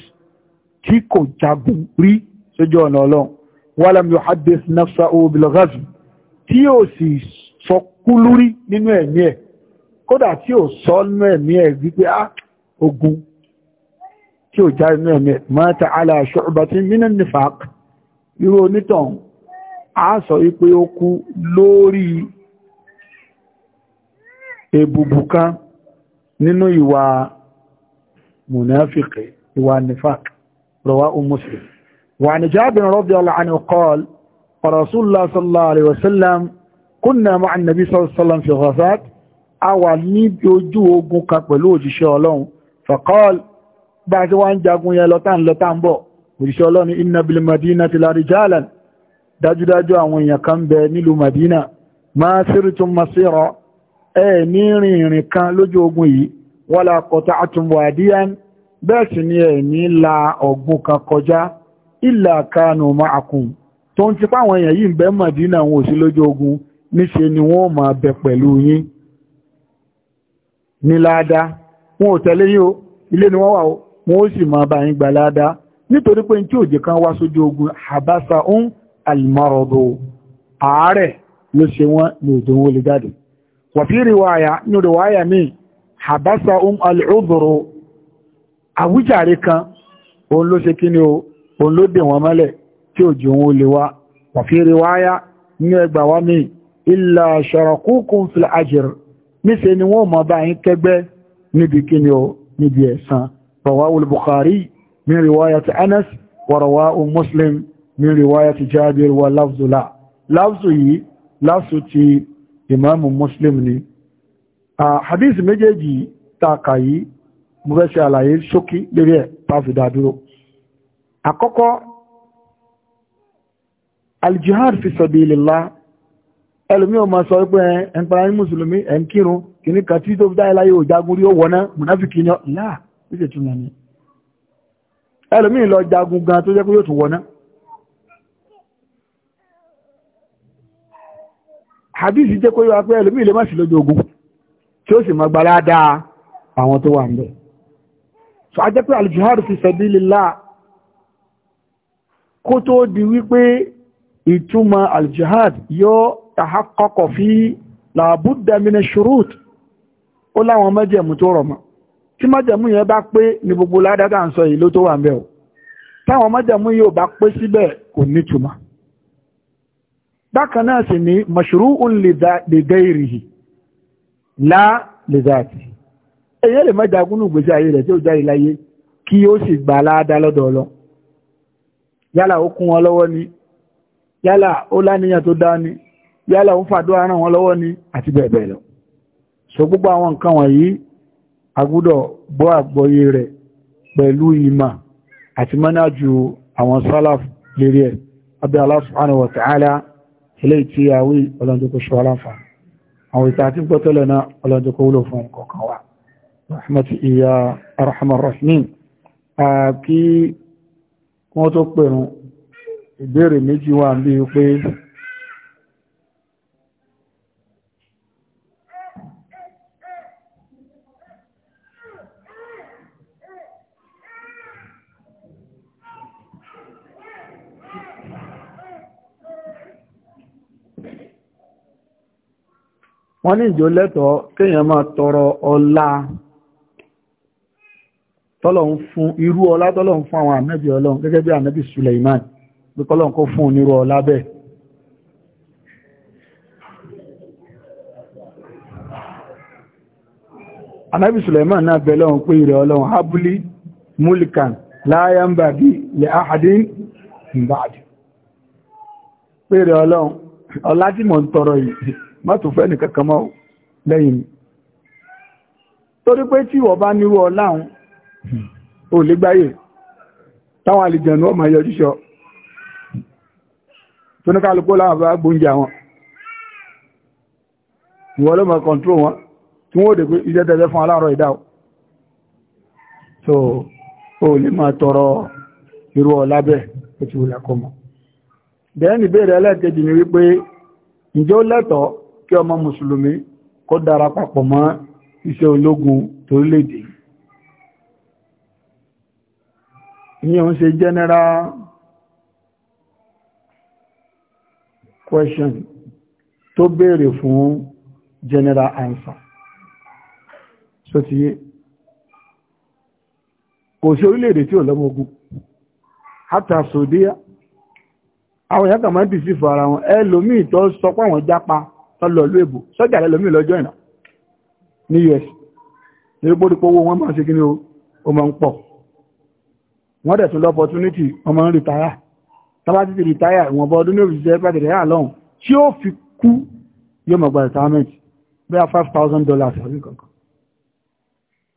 A: tí kò jagun rí sójú ọ̀nà ọlọ́run tí ò sì sọ kúlúrí nínú ẹ̀mí ẹ̀ kódà tí ò sọ nínú ẹ̀mí ẹ̀ wípé á ah, ogun tí ò já nínú ẹ̀mí ẹ̀ mata ala shu'batin minan nifaq irú onítàn á sọ wípé ó kú lórí èbùbù kan nínú ìwà munafiki ìwà nifaq rawahu Muslim wa an Jabir radiyallahu anhu qala ورسول الله صلى الله عليه وسلم كنا مع النبي صلى الله عليه وسلم في غزات àwa níbi ojú ogun kan pẹ̀lú òjíṣẹ́ ọlọ́run faqal bá tí wá ń jagun yẹn lọ́tà ń lọ́tà ń bọ̀ òjíṣẹ́ ọlọ́run inna bil madinati la rijalan dájúdájú àwọn èèyàn kan bẹ nílùú madina ma sirtum masira ẹ ní rìn ìrìn kan lójú ogun yìí wala qata'tum wadiyan bẹ́ẹ̀ sì ni ẹ̀ ní la ọ̀gbun kan kọjá illa kanu ma'akum tó ń ti páwọn èèyàn yìí ń bẹ mọ̀dínà àwọn lójú ogun níṣe ni wọ́n bẹ pẹ̀lú yín ní láadáa wọn ò o ilé ni wọ́n wà ó sì máa bá yín kan wá sójú ogun àbáṣà ń àlùmọ́rọ̀dọ̀ àárẹ̀ ló ṣe wọ́n ní òjò lè jáde wàfíìrì ní òdò míì àbáṣà ń tí òjò wọn ó lè wá wàfí riwaya ní ẹgbà wá mi illa sharakukun fil ajr níṣẹ́ ni wọ́n mọ̀ bá yín kẹgbẹ́ níbi kíni o níbi ẹ̀san rawahu al-Bukhari min riwayati Anas wa rawahu Muslim min riwayati Jabir wa lafzula lafzu yìí lafzu ti imamu Muslim ni hadith méjèèjì tààkà yìí mo fẹ́ ṣe àlàyé ṣókí lórí ẹ̀ pàfidà àkọ́kọ́ aljihad fi sabilillah ẹlòmí ó máa sọ pé ẹn ní mùsùlùmí ẹn kírun kìíní kan tó fi dáyé láyé òjagun rí ó wọ́ná mùnáfíkì ni ọ̀lá ó sì tún ní ẹlòmí lọ jagun gan tó jẹ́ pé yóò tún wọ́ná hadisi jẹ́ kó yọ pé ẹlòmí lè má sí lójú ogun tí ó sì máa gbalá dáa àwọn tó wà ń bẹ̀ so a jẹ́ pé aljihad fi sabilillah kó tó di wípé ìtumọ̀ aljihad yóò tàhákọ́kọ̀ fi làbúdà mina ṣurút ó láwọn mẹ́jẹ̀mú tó rọ̀ mọ́ tí mẹ́jẹ̀mú yẹn bá pé ní gbogbo ládádá ń sọ yìí ló tó wà ń bẹ̀ o táwọn mẹ́jẹ̀mú yóò bá pé síbẹ̀ kò nítumọ̀ bákan náà sì ni mashru'un li ghairihi la li dhati èyí lè má jagunú ìgbésí ayé rẹ̀ tí ó jáde láyé kí ó sì gbà ládá lọ́dọ̀ ọlọ́ yálà ó kún wọn lọ́wọ́ ni yálà ó láníyàn tó dá ní yálà ó fàdó ara wọn lọ́wọ́ ní àti bẹ́ẹ̀ bẹ́ẹ̀ lọ so gbogbo àwọn nǹkan wọ̀nyí agbúdọ̀ bọ́ àgbọ́yé rẹ̀ pẹ̀lú ìmà àti mọ́nájú àwọn sálàfù lérí ẹ̀ abẹ́ Allah subhanahu wa ta'ala ilé tí a wí ọlọ́njẹ́kọ́ ìbéèrè méjì wà bí pé wọ́n ní ìjọ lẹ́tọ̀ọ́ kéèyàn máa tọrọ ọlá tọ́lọ̀ ń fún irú ọlá tọ́lọ̀ ń fún àwọn àmẹ́bí Ọlọ́run gẹ́gẹ́ bí ànábì Suleiman bí kọ́lọ́n kó fún onírú ọlá bẹ́ẹ̀ anábì Suleiman náà bẹ̀lẹ̀ òun pé ìrẹ̀ ọlọ́run habuli mulkan láyá ń bà bí lè áhàdín ìbáàdì pé ìrẹ̀ ọlọ́run ọlá tí mọ̀ ń tọrọ yìí má tó fẹ́ nìkankan lẹ́yìn torí pé tí wọ́n bá nírú ọláhun ò lè gbáyè táwọn àlìjẹ̀nú ọmọ yọjúṣọ́ tó ní kálùkó láwọn bá gbóúnjẹ wọn ìwọ ló mọ̀ kọ̀ntró wọn tí wọ́n dẹ̀ pé iṣẹ́ tẹ́lẹ̀ fún aláàrọ̀ ìdáwó so o lè máa tọrọ irú ọlá bẹ́ẹ̀ ó ti wùlẹ̀ kọmọ bẹ́ẹ̀ni bèèrè ẹlẹ́ẹ̀kejì ni wípé ǹjẹ́ ó kí ọmọ mùsùlùmí kó dara papọ̀ mọ́ iṣẹ́ ológun torílẹ̀-èdè ìyẹn ń ṣe general question tó béèrè fún general answer so ti yé kò sí orílẹ̀-èdè tí ò lọ́mọ ogun hátà sòdíyà àwọn èèyàn kàn máa ń dì sí fara wọn ẹlòmíì tó sọ pé àwọn jápa tó èbò sọ́jà lẹ́lòmíì lọ́jọ́ ìnà ní us ní gbórípò owó wọn máa ṣe kí ni ó máa ń pọ̀ wọ́n dẹ̀ tún lọ́pọ̀ opportunity wọ́n máa ń retire tọ́bá títí rìtáyà ìwọ̀n bọ́ ọdún ní òṣìṣẹ́ pẹ̀tẹ̀rẹ̀ àlọ́hùn tí ó fi kú yóò mọ̀ retirement bí five thousand dollars ọdún kankan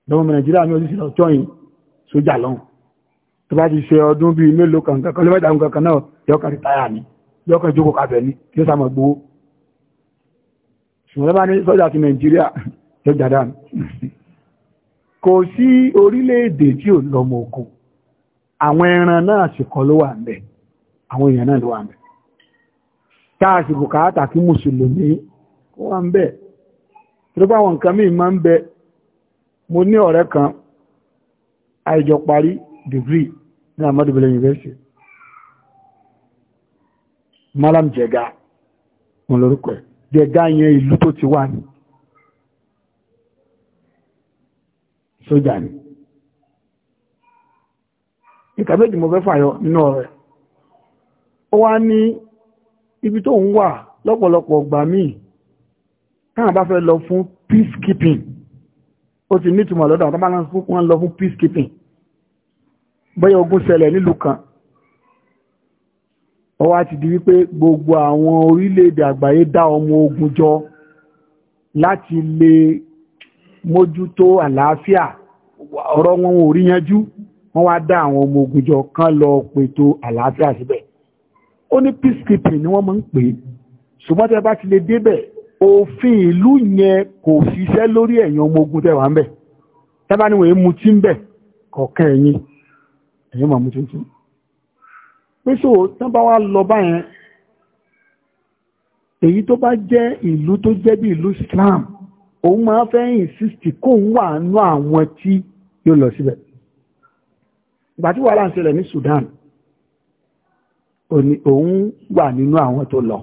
A: lọ́wọ́ nàìjíríà ní oṣìṣẹ́ ọjọ́ yìí sójà lọ́hùn tó bá ti ṣe ọdún bíi mélòó kankan kan ni yọkàn ìjókòó kabẹ̀ ni yóò sàmọ̀ gbowó ṣùgbọ́n lọ́wọ́ ní sọ́jà ti nàìjíríà sọ́jà dànù kò sí orílẹ̀-èdè tí ò lọ́mọ òkun àwọn ẹran náà sì kọ́ ló wà ń bẹ́ẹ̀ àwọn èèyàn náà ló wà ń bẹ̀ táàsì bùkátà kí mùsùlùmí ó wà ń bẹ̀ tó bá wọn nǹkan míì máa ń bẹ mo ní ọ̀rẹ́ kan àìjọ parí dìgírì ní Ahmadu University Malam Jega wọn lórúkọ ẹ̀ Jega yẹn ìlú tó ti wà ní sójà ni ìkàbẹ́jì mo fẹ́ fàyọ nínú ọ̀rẹ́ ó wá ní ibi tó ń wà lọ́pọ̀lọpọ̀ ọgbà míì káwọn bá fẹ́ lọ fún peacekeeping ó ti nítumọ̀ lọ́dọ̀ àwọn bá fún wọn lọ fún peacekeeping bóyá ogun ṣẹlẹ̀ nílùú kan ó wá ti di wípé gbogbo àwọn orílẹ̀-èdè àgbáyé dá ọmọ ogun jọ láti lè mójútó àlàáfíà ọ̀rọ̀ wọn ò rí yanjú wọ́n wá dá àwọn ọmọ ogun jọ kán lọ pètò àlàáfíà síbẹ̀ ó ní peacekeeping ni wọ́n máa ń pè é ṣùgbọ́n tẹ́ bá ti lè débẹ̀ òfin ìlú yẹn kò ṣiṣẹ́ lórí ẹ̀yin ọmọ ogun tẹ́ wà ń bẹ̀ tẹ́ bá ní wọ́n mu tí ń bẹ̀ kọ̀ọ̀kan ẹ̀yin ẹ̀yin máa mu tuntun pé so tán bá wá lọ báyẹn èyí tó bá jẹ́ ìlú tó jẹ́ bí ìlú Islam òun máa fẹ́ insist kó ń wà nú àwọn tí yóò lọ síbẹ̀ ìgbà tí wàhálà ń ṣẹlẹ̀ ní Sudan òun wà nínú àwọn tó lọ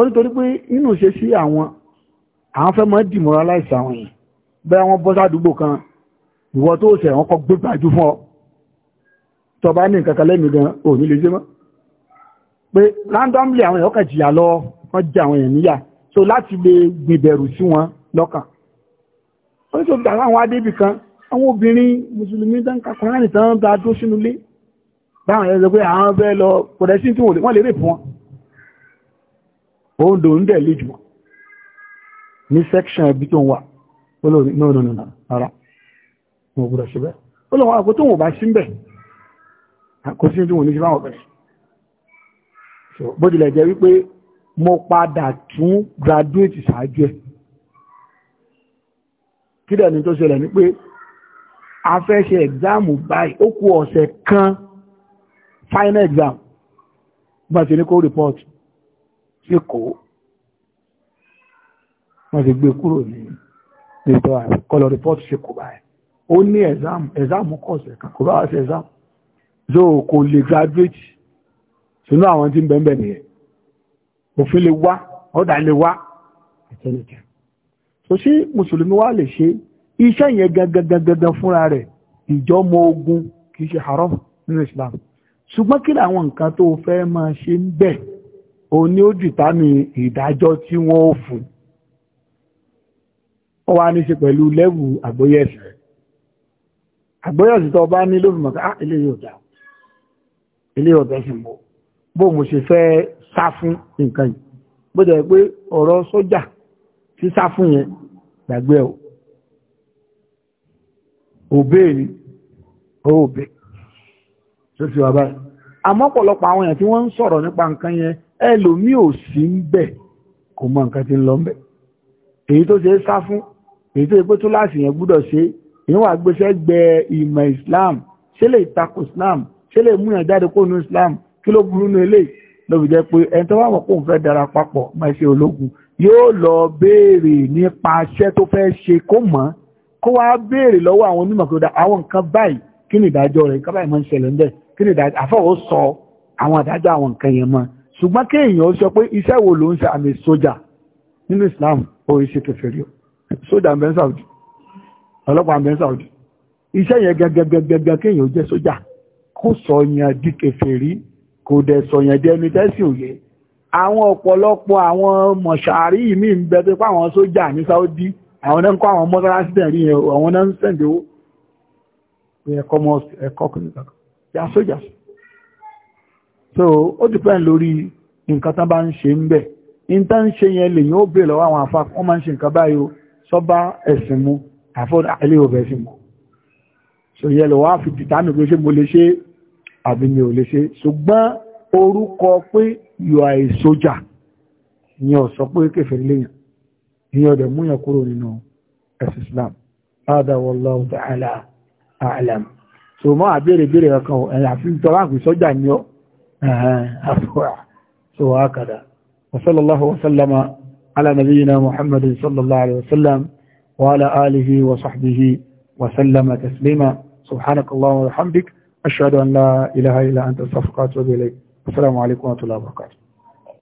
A: ó nítorí pé nínú ṣe sí àwọn àwọn fẹ́ mọ́ dìmọ̀ra láìsí àwọn yìí bẹ́ẹ̀ wọ́n bọ́ sádúgbò kan ìwọ tó ṣẹ̀ wọ́n kọ́ gbé gbájú fún ọ tó bá ní nǹkan kan lẹ́nu gan òní lè ṣe mọ́ pé randomly àwọn èèyàn kàn jìyà lọ wọ́n jẹ àwọn èèyàn níyà so láti lè gbìbẹ̀rù sí wọn lọ́kàn ó ní tó gbà láwọn adébì kan àwọn obìnrin mùsùlùmí dáńkà kan tán bá dó sínú ilé báwọn ẹ̀rọ pé àwọn bẹ́ lọ pọ̀dẹ̀sí tí wọ́n lè rè fún wọn òun dòun dẹ̀ lè jù wọn ní section ibi tó ń wà olóòrí no no no no ara wọn gbọ́dọ̀ ṣe bẹ́ẹ̀ olóòwò àpò tó wọn bá sí ń bẹ̀ kò sí tí wọn ní sí báwọn bẹ̀rẹ̀ so bó tilẹ̀ jẹ́ wípé mo padà tún graduate ṣáájú ẹ̀ kí dẹ̀ ni tó ṣẹlẹ̀ ni pé a fẹ́ ṣe exam báyìí ó kù ọ̀sẹ̀ kan final exam bá ṣe ní kó report sí kó wọ́n ti gbé kúrò ní ìtọ́ àkọlọ̀ report ṣe kò báyìí ó ní exam exam course ẹ̀ka kò bá wá sí exam so kò lè graduate sínú àwọn tí ń bẹ̀m̀bẹ̀ nìyẹn òfin lè wá ọ̀dà lè wá ẹ̀tẹ́lẹ̀tẹ́ so ṣé mùsùlùmí wá lè ṣe iṣẹ́ yẹn gangan gangan fúnra rẹ̀ ìjọ́mọ ogun kì í ṣe haram nínú Islam ṣùgbọ́n kí làwọn nǹkan tó fẹ́ máa ṣe ń bẹ̀ òun ni ó dìtà ní ìdájọ́ tí wọ́n ó fún ó wá ní ṣe pẹ̀lú lẹ́wù àgbóyẹ̀sì rẹ̀ àgbóyẹ̀sì tó bá ní lófin mọ̀ká ilé yóò dá ilé ọ̀dọ̀ sì mọ̀ bó mo ṣe fẹ́ sá fún nǹkan yìí bó jẹ́ pé ọ̀rọ̀ sójà sí sá fún yẹn gbàgbé ọ̀ òbéèrè ó òbé tó báyìí àmọ́ pọ̀lọpọ̀ àwọn èèyàn tí wọ́n ń sọ̀rọ̀ nípa nǹkan yẹn ẹlòmíì ò sí ń bẹ̀ kò mọ nǹkan tí ń lọ ń bẹ̀ èyí tó ṣe é sá fún èyí tó ṣe pé tó láti yẹn gbúdọ̀ ṣe èyí wà gbéṣẹ́ gbẹ ìmọ̀ Islam ṣé lè tako Islam ṣé lè mú yàn jáde kó Islam kí ló burú nu eléyìí lóbi jẹ́ pé ẹni tó bá mọ̀ kóun fẹ́ dara papọ̀ máa ṣe ológun yóò lọ béèrè nípa iṣẹ́ tó fẹ́ ṣe kó mọ̀ kó wá béèrè lọ́wọ́ àwọn onímọ̀ kí ó da àwọn nǹkan báyìí kí ni ìdájọ́ rẹ̀ nǹkan báyìí máa ń ṣẹlẹ̀ ń bẹ́ẹ̀ kí ni àfọwọ́ sọ àwọn àdájọ́ àwọn nǹkan yẹn mọ́ ṣùgbọ́n kéèyàn sọ pé iṣẹ́ wo ló ń ṣe àmì sójà nínú Islam ó ṣe kẹfẹ́rí o sójà ń bẹ ní Saudi ọlọ́pàá ń bẹ ní Saudi iṣẹ́ yẹn gẹ́gẹ́gẹ́gẹ́ kéèyàn jẹ́ sójà kó sọ yẹn di kẹfẹ́rí kò dẹ̀ sọ yẹn di ẹni tẹ́sí òye àwọn ọ̀pọ̀lọpọ̀ àwọn mọ̀ṣàárì mi ń bẹ pé fáwọn sójà ní Saudi àwọn náà ń kọ́ àwọn mọ́sálásí tẹ̀rí yẹn àwọn náà ń sẹ̀dẹ̀ ẹ̀kọ́ kìnnìkan yà sójà so ó dìpẹ́ lórí nǹkan tán bá ń ṣe ń bẹ̀ in tá ń ṣe yẹn lèyìn ó bèèrè lọ́wọ́ àwọn afá wọ́n máa ń ṣe nǹkan báyìí o ẹ̀sìn mu àfọ́dà ilé ọ̀bẹ̀ sí mu so yẹ lọ́wọ́ á fi dìtàmì pé ṣé mo lè ṣe àbí mi ò lè ṣe ṣùgbọ́n orúkọ pé you are a soldier ìyẹn ò sọ pé kèfèrí lèyàn ìyẹn ọ̀dẹ̀ múyàn kúrò nínú ẹ̀sìn Islam. Hada wallahu ta'ala a'lam. so mọ́ àbẹ́rẹ̀ bẹ́rẹ̀ ọkàn àfi tọ́wà kò sọ́jà ní ọ́ so wá kàdà wasallallahu wasallama ala nabiyyina muhammadin sallallahu alaihi wasallam wa ala alihi wa sahbihi wa sallama taslima subhanakallahu wa hamdik ashhadu an la ilaha illa anta astaghfiruka wa atubu ilayk assalamu alaikum wa rahmatullahi wa barakatuh